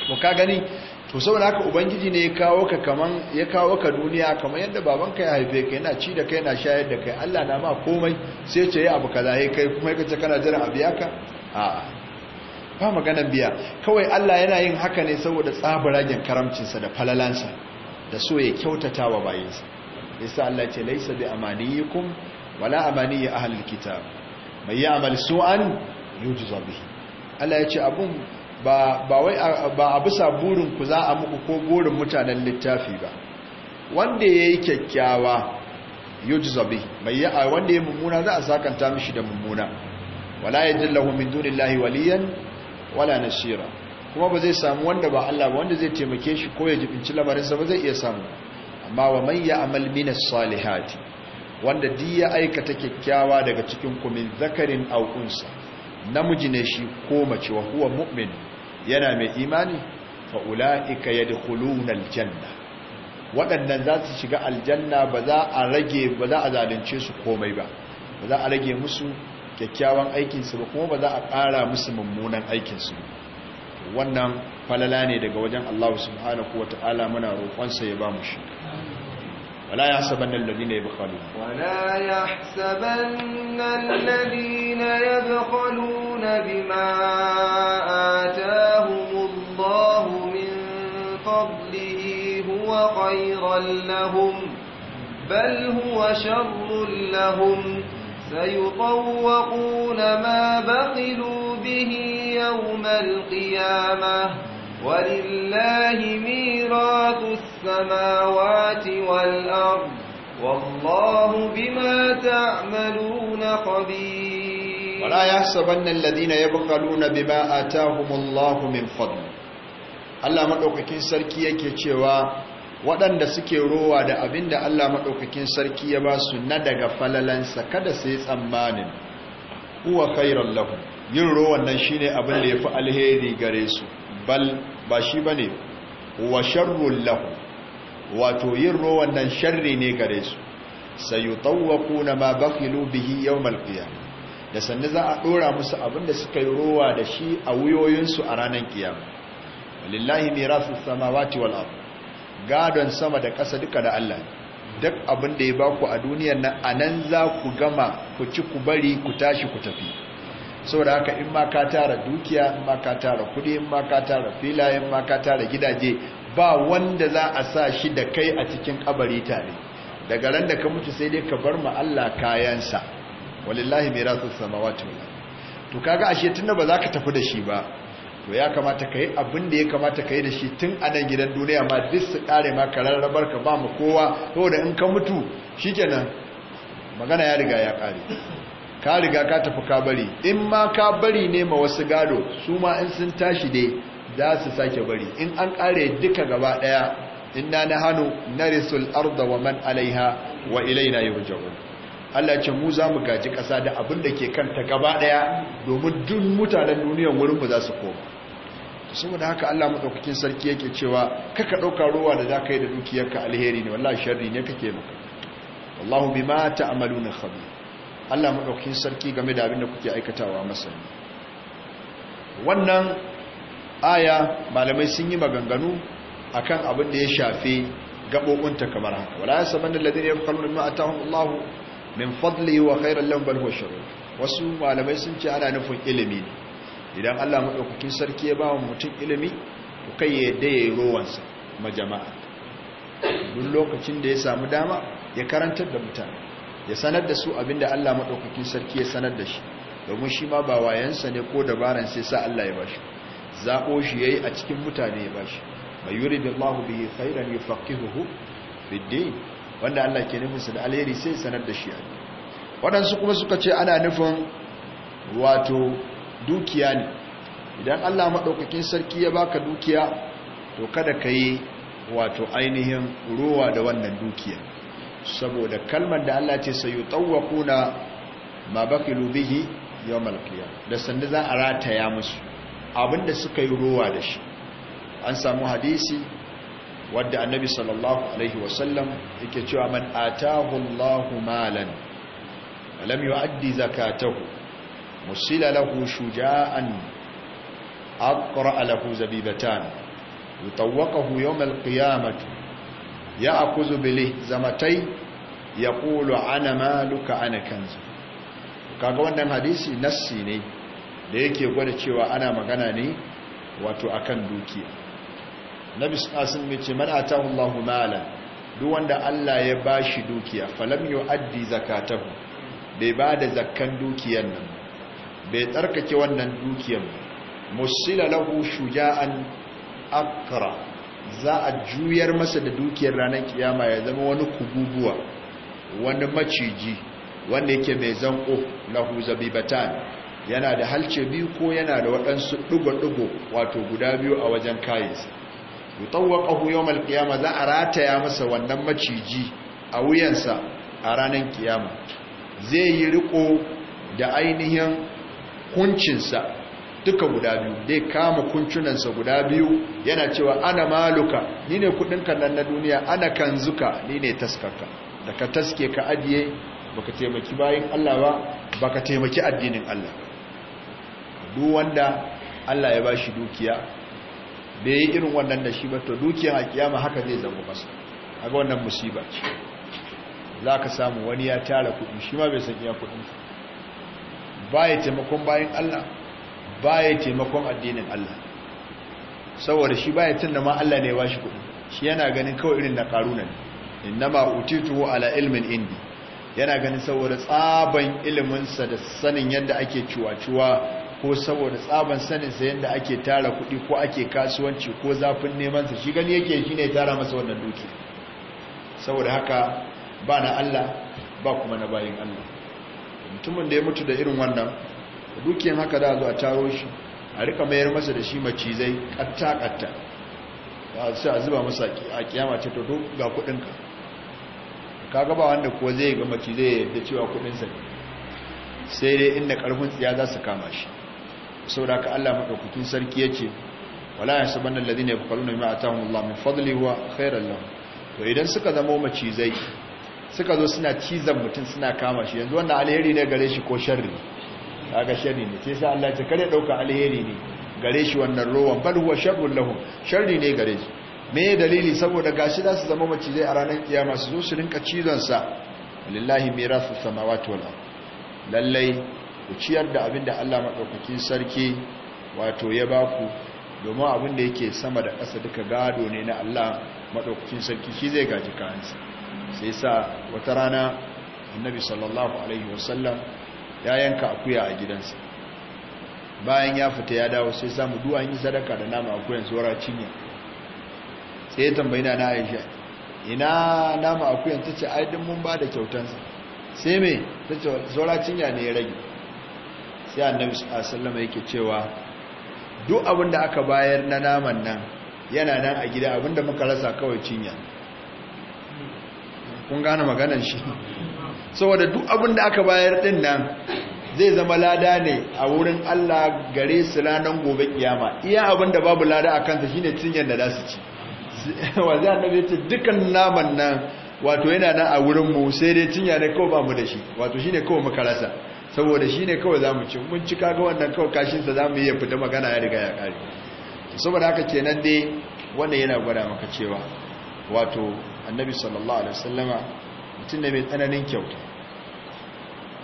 mu ka gani to saboda haka ubangiji ne ya kawo ka kaman ya kawo ka duniya kaman yadda babanka ya haife ka yana ci da kai yana shayar da kai Allah na ma komai sai ce ya abu kaza yayi kai kuma kace kana jiran a biya ka a'a ba magana biya kawai Allah yana yin haka ne saboda tsabaragen karamcinsa da falalansa da so ya kyautata wa bayinsa yasa Allah ce laisa bi amaniyikum wala amaniyi ahlul kitab mai ya'mal su'an yujza bihi Allah ya ce abun ba a bisa burinku za a muku ko burin mutanen littafi ba wanda ya yi kyakkyawa yujzabi mai yi a wanda ya mummuna za a sakanta mishi da mummuna wala ya jillahu min lahi waliyan wala na nasira kuma ba zai samu wanda ba Allah ba wanda zai taimake shi ko ya jibinci lamarinsa ba zai iya samu amma wa man ya'mal min salihati wanda di ya aikata kyakkyawa daga cikin ku zakarin aukunsa, namiji ne shi ko mace wa huwa mu'min yana mai imani ya da yadkhuluna aljanna waɗannan za su shiga aljanna ba za a rage ba za a zalunce su komai ba ba za a rage musu kyakkyawan aikinsu ba kuma ba za a ƙara musu mummunan aikinsu wannan falala ne daga wajen Allah subhanahu wa ta'ala muna roƙonsa ya ba mu shi ولا يحسبن الذين يبخلون ولا يحسبن الذين يبخلون بما آتاهم هو خيرا لهم بل هو شر لهم سيطوقون ما بخلوا به يوم القيامة ولله ميراث السماوات والأرض والله بما تعملون خبير ولا يحسبن الذين يبخلون بما آتاهم الله من فضل الله maɗaukakin sarki yake cewa waɗanda suke rowa da abin da Allah maɗaukakin sarki ya ba su na daga falalansa kada su yi tsammanin kuwa kairan lahun yin rowan nan shi ne abin da ya fi alheri gare su bal ba shi ba ne. wa Sharrun lahun wato yin rowan nan sharri ne gare su sayutawwaquna ma bakhilu bihi yau qiyamah da sannu za a ɗora musu abin da suka yi rowa da shi a wuyoyinsu a ranar kiyama mai rasu samawati wal gadon sama da ƙasa duka da Allah duk abin da ya ba ku a duniyar nan a nan za ku gama ku ci ku bari ku tashi ku tafi saboda haka in ma ka tara dukiya in ma ka tara kudi in ma ka tara filaye in ma ka tara gidaje ba wanda za a sa shi da kai a cikin kabari tare daga ran da ka mutu sai dai ka bar ma Allah kayansa wallahi mirasu samawati to kaga ashe tunda ba za ka tafi da shi ba to ya kamata ka yi abin da ya kamata ka yi da shi tun a gidan duniya ma duk su kare ma ka ka ba mu kowa saboda in ka mutu kenan magana ya riga ya kare ka riga ka tafi ka bari in ma ka bari ne ma wasu gado su ma in sun tashi da za su sake bari in an kare duka gaba daya inna na risul arda wa man alaiha wa ilaina yurja'un Allah ce mu za mu gaji ƙasa da abin da ke kanta gaba ɗaya domin duk mutanen duniyar wurinmu za su koma saboda haka Allah madaukakin sarki yake cewa ka dauka ruwa da zaka yi da dukiyarka alheri ne wallahi sharri ne kake maka wallahu bima ta'maluna khabir Allah madaukakin sarki game da abin da kuke aikatawa masani wannan aya malamai sun yi maganganu akan abin da ya shafi gabobinta kamar haka wala yasabanna alladhina yaqulun ma atahum Allah min fadli wa khairan lahum bal huwa sharr wasu malamai sun ce ana nufin ilimi idan Allah maɗaukakin sarki ya ba wa mutum ilimi to kai ya yadda ya yi rowansa majama'a jama'a duk lokacin da ya samu dama ya karantar da mutane ya sanar da su abinda Allah maɗaukakin sarki ya sanar da shi domin shi ma ba wayansa ne ko dabaran sai sa Allah ya ba shi zaɓo shi ya yi a cikin mutane ya ba shi mai yuri da Allah bihi khairan ya faƙihuhu wanda Allah ke nufinsa da alheri sai sanar da shi waɗansu kuma suka ce ana nufin wato dukiya ne idan Allah maɗaukakin sarki ya baka dukiya to kada ka yi wato ainihin ruwa da wannan dukiya saboda kalmar da Allah ce sayu kuna, ma baki lubihi yau qiyam da sanda za a rataya musu abinda suka yi ruwa da shi an samu hadisi wadda annabi sallallahu alaihi wasallam yake cewa man Malam. Allahu malan lam yu'addi zakatahu musila lahu shuja'an aqra lahu zabibatan yutawaqahu yawm alqiyamati ya'khudhu bihi zamatay yaqulu ana maluka ana kanzu kaga wannan hadisi nassi ne da yake gwada cewa ana magana ne wato akan dukiya nabi sallallahu alaihi wasallam man atahu Allahu mala duk wanda Allah ya bashi dukiya falam yu'addi zakatahu bai bada zakkan dukiyan nan bai tsarkake wannan dukiyar musila lahu shuja'an akra za a juyar masa da dukiyar ranar kiyama ya zama wani kububuwa wani maciji wanda yake mai zanko lahu zabibatan yana da halce biyu ko yana da waɗansu ɗigo-ɗigo wato guda biyu a wajen kayansa yau yawmal kiyama za a rataya masa wannan maciji a wuyansa a ranar kiyama zai yi riko da ainihin hukuncinsa duka guda biyu dai kama kuncinansa guda biyu yana cewa ana maluka ni ne kudinka nan na duniya ana kanzuka ni ne taskarka da ka taske ka ajiye baka taimaki bayin Allah ba baka taimaki addinin Allah duk wanda Allah ya bashi dukiya bai yi irin wannan da shi ba to dukiya a kiyama haka zai zama masa a ga wannan musiba za ka samu wani ya tara kudi shi ma bai san iya kudinsa baya taimakon bayan Allah baya taimakon addinin Allah saboda shi baya tunda ma Allah ne ya bashi kuɗi shi yana ganin kawai irin na karuna ne innama utituhu ala ilmin indi yana ganin saboda tsaban iliminsa da sanin yadda ake cuwa-cuwa ko saboda tsaban saninsa yadda ake tara kuɗi ko ake kasuwanci ko zafin nemansa shi gani yake shi ne tara masa wannan duki saboda haka ba na Allah ba kuma na bayan Allah mutumin da ya mutu da irin wannan dukiyan haka da zo a taro shi a rika mayar masa da shi macizai katta katta su a zuba masa a kiyama ce to ga kudinka ka gaba wanda ko zai ga macizai da cewa kudinsa sai dai inda karfin tsiya za su kama shi saboda ka Allah madaukakin sarki ya ce wala yasabanna alladhina yaquluna ma atahum Allah min fadli wa khairan to idan suka zama macizai suka zo suna cizon mutum suna kama shi yanzu wannan alheri ne gare shi ko sharri kaga sharri ne sai sa Allah ya ce kare dauka alheri ne gare shi wannan rowan bal huwa sharrun lahum sharri ne gare shi me dalili saboda gashi za su zama macizai a ranar kiyama su zo su rinka cizon sa lillahi mirasu samawati wal ard lallai ku ciyar da abinda Allah madaukakin sarki wato ya baku domin abinda yake sama da kasa duka gado ne na Allah madaukakin sarki shi zai gaji kayansa sai sa wata rana annabi sallallahu alaihi wasallam ya yanka akuya a gidansa bayan ya fita ya dawo sai samu duwa yin sadaka da nama akuyan tsora cinya sai ya tambayi na na aisha ina nama akuyan ta ce aidin mun ba da kyautansa sai mai ta ce tsora cinya ne ya rage sai annabi sallallahu yake cewa duk abin da aka bayar na naman nan yana nan a gida abin da muka rasa kawai cinya kun gane maganan shi saboda duk abin da aka bayar din nan zai zama lada ne a wurin Allah gare su ranar gobe kiyama iya abin da babu lada a kansa shine cinyar da za su ci wanda annabi ce dukan naman nan wato yana nan a wurin mu sai dai cinya ne kawai bamu da shi wato shine kawai muka rasa saboda shine kawai zamu ci mun ci kaga wannan kawai kashin sa zamu iya fita magana ya riga ya kare saboda haka kenan dai wanda yana gwada maka cewa wato annabi sallallahu alaihi wasallama mutum ne mai tsananin kyauta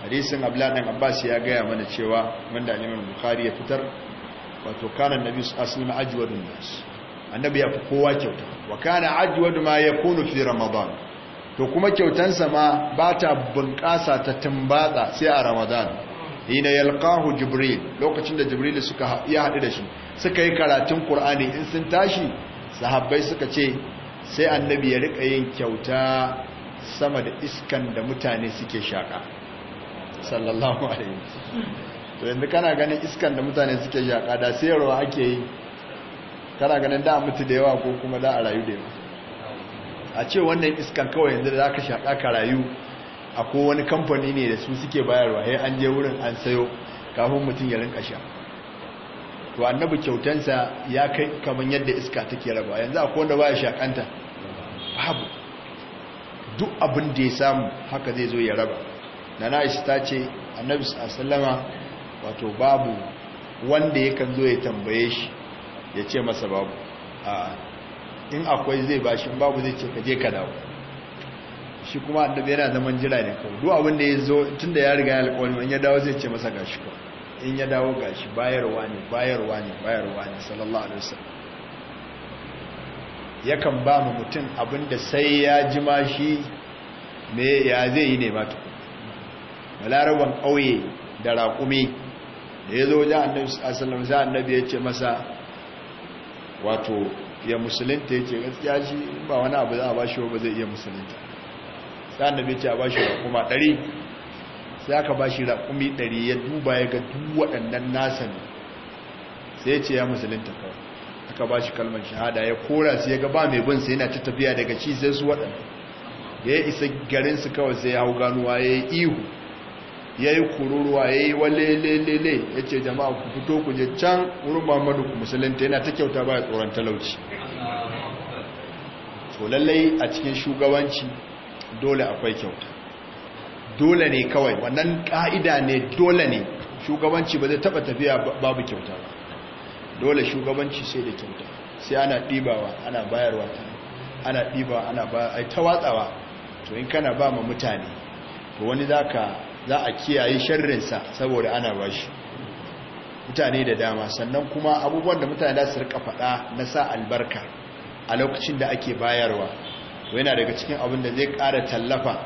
hadisin abladan abbas ya gaya mana cewa wanda imam bukhari ya fitar wato kana annabi sallallahu alaihi wasallam nas annabi ya fi kowa kyauta wa kana ajwadu ma yakunu fi ramadan to kuma kyautansa ma ba ta bunƙasa ta tumbatsa sai a ramadan ina yalqahu jibril lokacin da jibril suka ya hadu da shi suka yi karatun qur'ani in sun tashi sahabbai suka ce sai annabi ya rika yin kyauta sama da iskan da mutane suke shaka sallallahu alaihi to yanzu kana ganin iskan da mutane suke shaka da sayarwa ake yi kana ganin da mutu da yawa ko kuma da a rayu da yawa a ce wannan iskan kawai yanzu da za ka shaka ka rayu a wani kamfani ne da su suke bayarwa ya an je wurin an sayo kafin mutum ya rinka sha to annabi kyautansa ya kai kamar yadda iska take raba yanzu akwai wanda baya shakanta babu duk abin da ya samu haka zai zo ya raba na na'isha ta ce annabi sallama wato babu wanda yakan zo ya tambaye shi ya ce masa babu a in akwai zai bashi babu zai ce ka je ka dawo shi kuma annabi yana zaman jira ne kawai duk abin da ya zo tun da ya riga ya alƙawari in ya dawo zai ce masa gashi kawai in ya dawo gashi bayarwa ne bayarwa ne bayarwa ne sallallahu alaihi wasallam yakan ba mu mutum abinda sai ya ji ma shi me ya zai yi ne ba ta balaraban ƙauye da raƙumi da ya zo wajen annabi sallallahu za annabi ya ce masa wato ya musulinta ya ce gaskiya shi ba wani abu za a ba shi ba zai iya musulinta. sai annabi ya ce a ba shi raƙuma ɗari sai aka ba shi raƙumi ɗari ya duba ya ga duk waɗannan nasa ne sai ya ce ya musulinta kawai aka ba shi kalmar shahada ya kora su ya ga ba mai bin sai yana ta tafiya daga ci sai su waɗanda ya isa garin su kawai sai ya hau ganuwa ya yi ihu ya yi kururuwa ya yi walelelele ya ce jama'a ku fito ku je can wurin muhammadu ku musulunta yana ta kyauta ba ya tsoron talauci so lallai a cikin shugabanci dole akwai kyauta dole ne kawai wannan ka'ida ne dole ne shugabanci ba zai taɓa tafiya babu kyauta ba dole shugabanci sai da kyauta sai ana ɗibawa ana bayarwa ana ɗibawa ana bayarwa ta watsawa to in kana ba ma mutane to wani za a kiyaye sharrinsa saboda ana ba shi mutane da dama sannan kuma abubuwan da mutane da su rika faɗa na sa albarka a lokacin da ake bayarwa to yana daga cikin abin da zai kara tallafa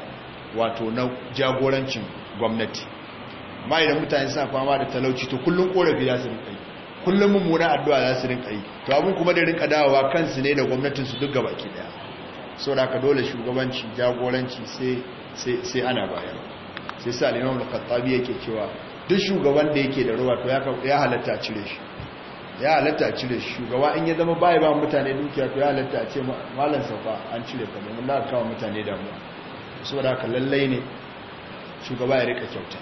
wato na jagorancin gwamnati amma idan mutane suna fama da talauci to kullum korafi za su rika kullum mummunan addu'a za su rinka yi to abin kuma da rinka dawowa kansu ne da gwamnatinsu duk gaba ke daya so da ka dole shugabanci jagoranci sai ana bayar sai sa limam al-khattabi yake cewa duk shugaban da yake da ruwa to ya halatta cire shi ya halatta cire shi shugaba in ya zama baya ba mutane dukiya to ya halatta a ce malam safa an cire ka domin na kawo mutane damuwa so da ka lallai ne shugaba ya rika kyauta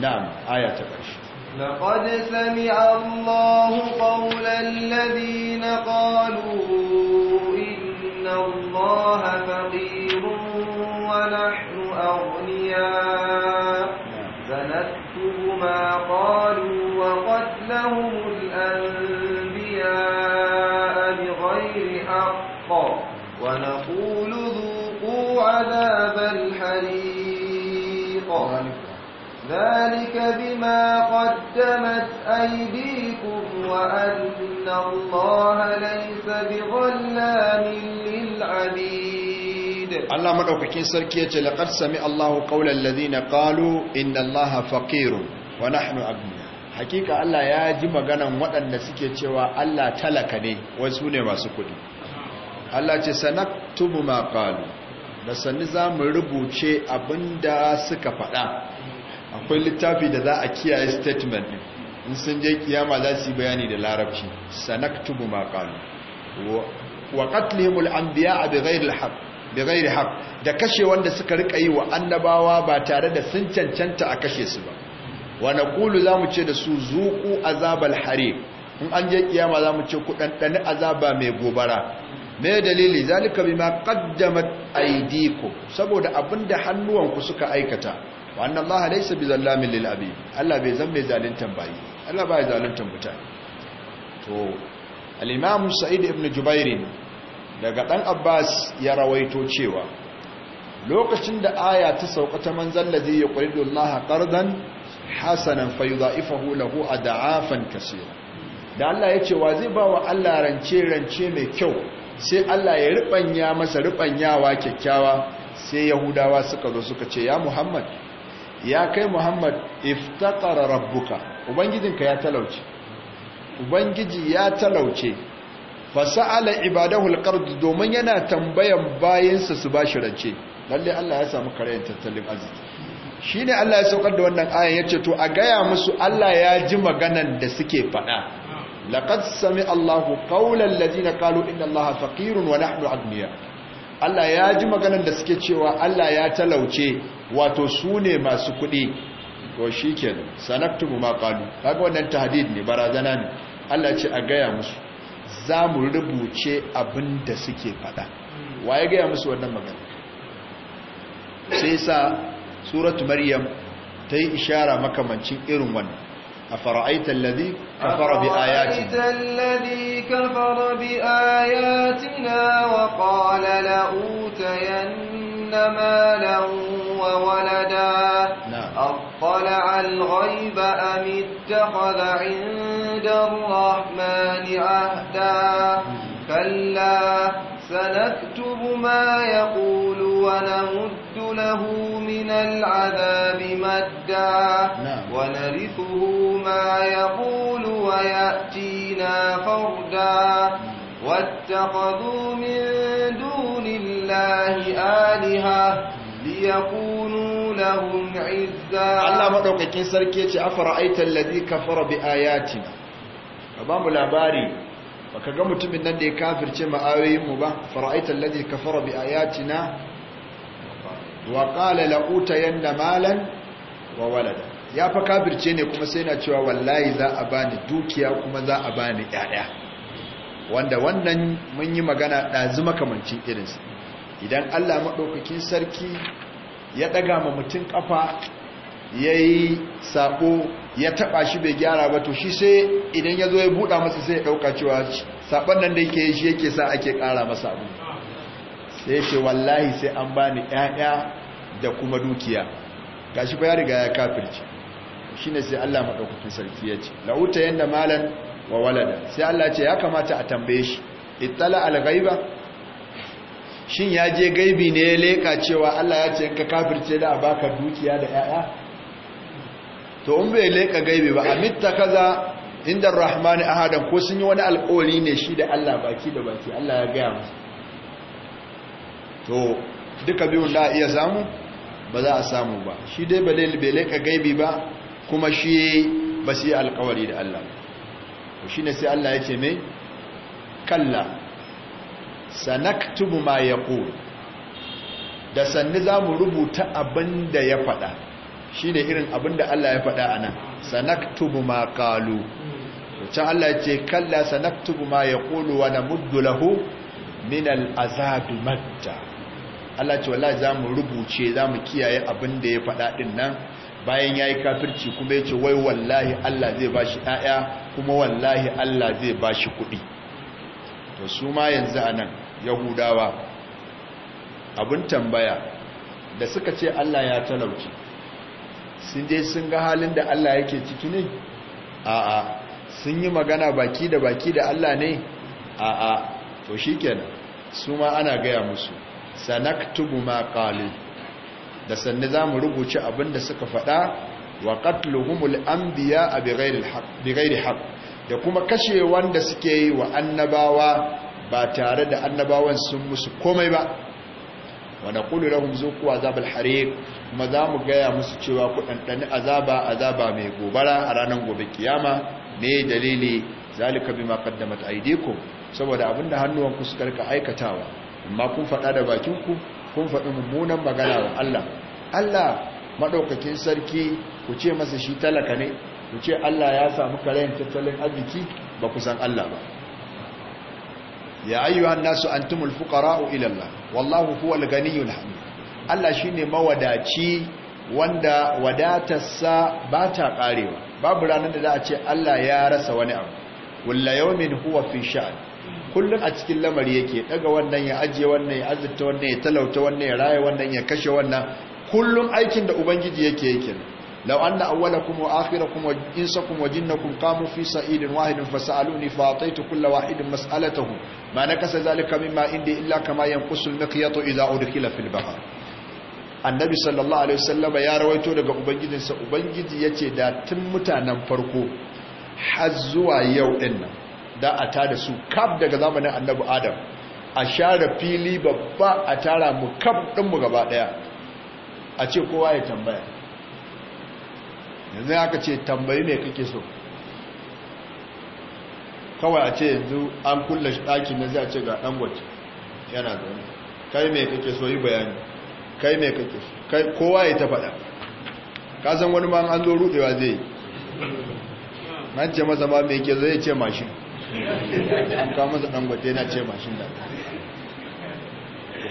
na'am aya ta ƙarshe لقد سمع الله قول الذين قالوا إن الله فقير ونحن أغنياء فنكتب ما قالوا وقتلهم الأنبياء بغير حق ونقول ذوقوا عذاب ذلك بما قدمت أيديكم وأن الله ليس بظلام للعبيد الله مدوكاكين سركية لقد سمع الله قول الذين قالوا إن الله فقير ونحن أبنى حقيقة الله يا جمع غنم ودن نسكي cewa Allah talaka ne wasu ne masu kudi Allah ce sanaktubu ma qalu da sanni za mu rubuce abinda suka faɗa akwai littafi da za a kiyaye statement ɗin in sun je kiyama za su yi bayani da larabci sanaktubu ma wa qatlihim al-anbiya a al-haq da kashe wanda suka rika yi wa annabawa ba tare da sun cancanta a kashe su ba wa naqulu mu ce da su zuqu azabal hare in an je kiyama mu ce ku dandani azaba mai gobara me dalili zalika bima qaddamat aydikum saboda abinda hannuwanku suka aikata wa Allah allaha bi zallamin lil abid Allah bai zan mai zaluntan bayi Allah bai zaluntan mutane to al-imam sa'id ibn jubair daga dan abbas ya rawaito cewa lokacin da aya ta sauka ta manzon ladhi yuqridu Allah qardan hasanan fayudha'ifahu lahu ad'afan kaseera da Allah ya ce wa zai ba wa Allah rance rance mai kyau sai Allah ya rubanya masa rubanyawa kyakkyawa sai yahudawa suka zo suka ce ya muhammad ya kai muhammad iftakara rabbuka ubangijinka ya talauce ubangiji ya talauce fasa'ala ibadahu alqard domin yana tambayan sa su bashi rance lalle Allah ya samu karayen tattalin arziki shine Allah ya saukar da wannan aya yace to a gaya musu Allah ya ji maganan da suke faɗa laqad sami Allahu qawla ladina qalu inna Allaha faqirun wa nahnu aghniya Allah ya ji maganan da suke cewa Allah ya talauce wato su ne masu kuɗi to shi ke sanaktu mu maƙalu haka wannan tahadid ne barazana ne allah ce a gaya musu za mu rubuce abin da suke faɗa wa ya gaya musu wannan magana sai sa suratu maryam ta yi ishara makamancin irin wannan a fara'aitar ladi ka fara bi na wa ƙwalala utayen مالا وولدا نعم. أطلع الغيب أم اتخذ عند الرحمن عهدا كلا سنكتب ما يقول ونمد له من العذاب مدا نعم. ونرثه ما يقول ويأتينا فردا واتخذوا yakunu lahum izza Allah madaukakin sarki yace aital ladhi kafara bi ayati. ba mu labari baka ga mutumin nan da ya kafirce mu ayoyin mu ba fara'aita ladhi kafara bi ayatina wa qala la utayanna malan wa walada ya fa kafirce ne kuma sai yana cewa wallahi za a bani dukiya kuma za a bani ƴaƴa wanda wannan mun yi magana ɗazu makamancin irinsa idan Allah maɗaukakin sarki ya daga ma mutum kafa ya yi sabo ya taba shi bai gyara ba to shi sai idan ya zo ya buɗa masa sai ya ɗauka cewa sabon nan da yake shi yake sa ake ƙara masa abu sai ce wallahi sai an bani ƴaƴa da kuma dukiya gashi ba ya riga ya kafirci ne sai Allah madaukakin sarki ya ce la'uta yadda malan wa walada sai Allah ce ya kamata a tambaye shi ittala al-ghaiba shin ya je gaibi ne ya leka cewa Allah ya ce ka kafirce da a baka dukiya da 'ya'ya to in bai leka gaibi ba amitta kaza inda rahmani ahadan ko sun yi wani alƙawari ne shi da Allah baki da baki Allah ya gaya musu to duka biyun da iya samu ba za a samu ba shi dai ba dai-dai bai leka gaibi ba kuma shi ba su yi alƙawari da Allah shi ne sai Allah ya ce mai kalla sanaktubu ma yaqul da za mu rubuta abinda ya faɗa ne irin abinda Allah ya faɗa anan sanaktubu ma kalu. can Allah ce kalla sanaktubu ma yaqulu wa na lahu min al'azabi matta Allah ce wallahi za mu rubuce za mu kiyaye abin da ya faɗa ɗin nan bayan ya yi kafirci kuma ya ce wai wallahi Allah zai ba shi ɗaya kuma wallahi Allah zai ba shi kuɗi to su ma yanzu a nan yahudawa abin tambaya da suka ce Allah ya talauci sun je sun ga halin da Allah yake ciki ne a'a sun yi magana baki da baki da Allah ne a'a to shikenan su ma ana gaya musu sanaktubu ma qali da sanne zamu rubuce abin da suka faɗa wa qatluhumul anbiya bi ghairi haqq da kuma kashe wanda suke yi wa annabawa ba tare da annabawan sun musu komai ba wanda kulu lahum zuku azabal harir kuma za mu gaya musu cewa ku azaba azaba mai gobara a ranar gobe kiyama ne dalili zalika bima qaddamat aidiku saboda abinda ku suka rika aikatawa amma kun faɗa da bakin ku kun faɗi mummunan magana wa Allah Allah madaukakin sarki ku ce masa shi talaka ne ku ce Allah ya samu karayin tattalin arziki ba ku san Allah ba ya ayyuhan nasu antumul fuqara'u ila Allah wallahu huwal ganiyyul hamid Allah shine mawadaci wanda wadatarsa ba ta karewa babu ranar da za a ce Allah ya rasa wani abu walla yawmin huwa fi sha'an kullun a cikin lamari yake daga wannan ya ajiye wannan ya azurta wannan ya talauta wannan ya raye wannan ya kashe wannan kullun aikin da ubangiji yake yake لو أن أولكم وآخركم وإنسكم وجنكم قاموا في صعيد واحد فسألوني فأعطيت كل واحد مسألته ما نكس ذلك illa kama إلا كما ينقص المقيط إذا أدخل في البحر annabi sallallahu alaihi wasallama ya rawaito daga ubangijinsa ubangiji yace da tun mutanen farko har zuwa yau din nan da a tada su kaf daga zamanin annabi adam a share fili babba a tara mu kaf din mu gaba daya a ce kowa ya tambaya yanzu aka ce tambayi mai kake so kawai a ce yanzu an kulle shi ɗakin na zai ce ga ɗangwace yana zaune kai mai kake so yi bayani kai mai kake so kai kowa ya ta faɗa kasan wani ma an zo rudewa zai yi nan ce masa ma mai ke zai ce mashin ka masa ɗangwace yana ce mashin da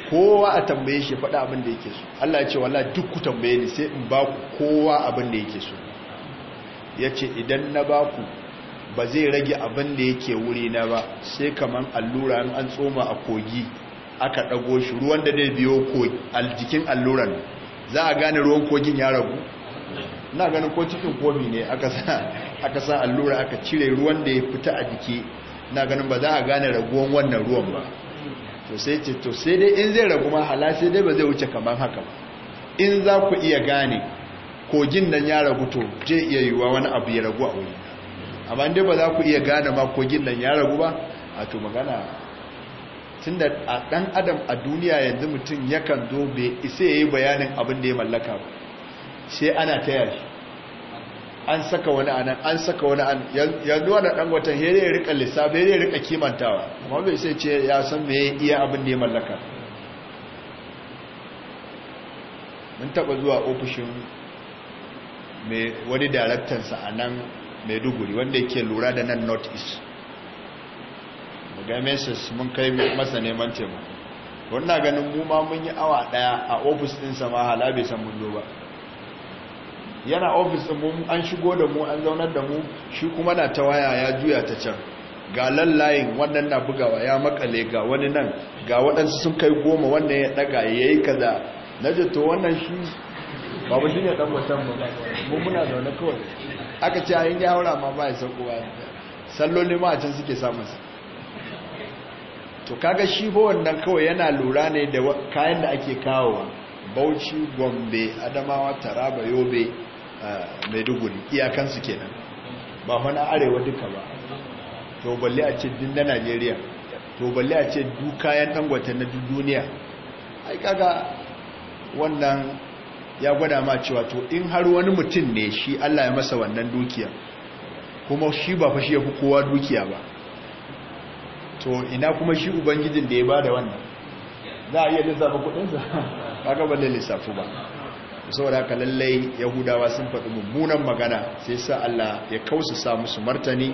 kowa a tambaye shi faɗa abin da yake so Allah ya ce wala duk ku tambaye ni sai in ba ku kowa abin da yake so ya ce idan na baku ba zai rage abin da yake wuri na ba sai kamar allura an tsoma a kogi aka ɗago shi ruwan da zai biyo jikin alluran za a gane ruwan kogin ya ragu na ganin ko cikin komi ne aka sa allura aka cire ruwan da ya fita a jiki na ganin ba za a gane raguwan wannan ruwan ba to sai ce to sai dai in zai ragu ma hala sai dai ba zai wuce kamar haka in za ku iya gane kogin nan ya ragu to je iya yiwuwa wani abu ya ragu a wuri amma inda ba za ku iya gane ma kogin nan ya ragu ba a to magana tun da a dan adam a duniya yanzu mutum yakan zo bai isa ya yi bayanin abin da ya mallaka ba sai ana ta shi an saka wani anan an saka wani an yanzu wani ɗan watan ya ya rika lissafi ya rika kimantawa amma bai sai ce ya san me ya iya abin da ya mallaka mun taɓa zuwa ofishin mai wani daraktansa a nan maiduguri wanda yake lura da nan north east magamesis mun kai masa neman taimako wannan ganin mu ma mun yi awa daya a ofis din sama ma hala san mun zo ba yana ofis din mun an shigo da mu an zaunar da mu shi kuma na ta waya ya juya ta can ga lallayin wannan na bugawa ya makale ga wani nan ga waɗansu sun kai goma wannan ya ɗaga ya yi kaza na to wannan shi babu shi ne dan musamman mu muna zaune kawai aka ce ayin ya haura ma ba ya sauko ba salloli ma a can suke samun sa to kaga shi fa wannan kawai yana lura ne da kayan da ake kawowa bauchi gombe adamawa taraba yobe maiduguri iyakansu kenan ba mana arewa duka ba to balle a ce din na najeriya to balle a ce du kayan dangwata na duniya ai kaga wannan ya gwada ma cewa to in har wani mutum ne shi Allah ya masa wannan dukiya kuma shi ba fa shi ya fi kowa dukiya ba to ina kuma shi ubangijin da ya bada wannan za a iya lissafa kudinsa kaga ba da lissafu ba saboda haka lallai yahudawa sun faɗi mummunan magana sai sa Allah ya kausa sa musu martani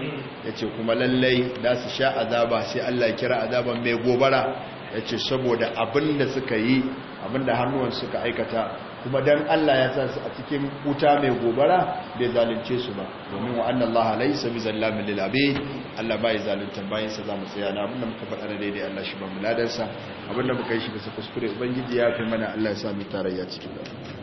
ya ce kuma lallai da su sha azaba sai Allah ya kira azaban mai gobara ya ce saboda abin da suka yi abinda da hannuwan suka aikata kuma dan Allah ya sa su a cikin wuta mai gobara bai zalunce su ba domin wa anna Allah laysa bizallamin lil abid Allah bai zalunta bayin sa mu tsaya na abinda muka faɗa da daidai Allah shi ba muladarsa abinda muka yi shi su kuskure ubangiji ya fi mana Allah ya sa mu tarayya cikin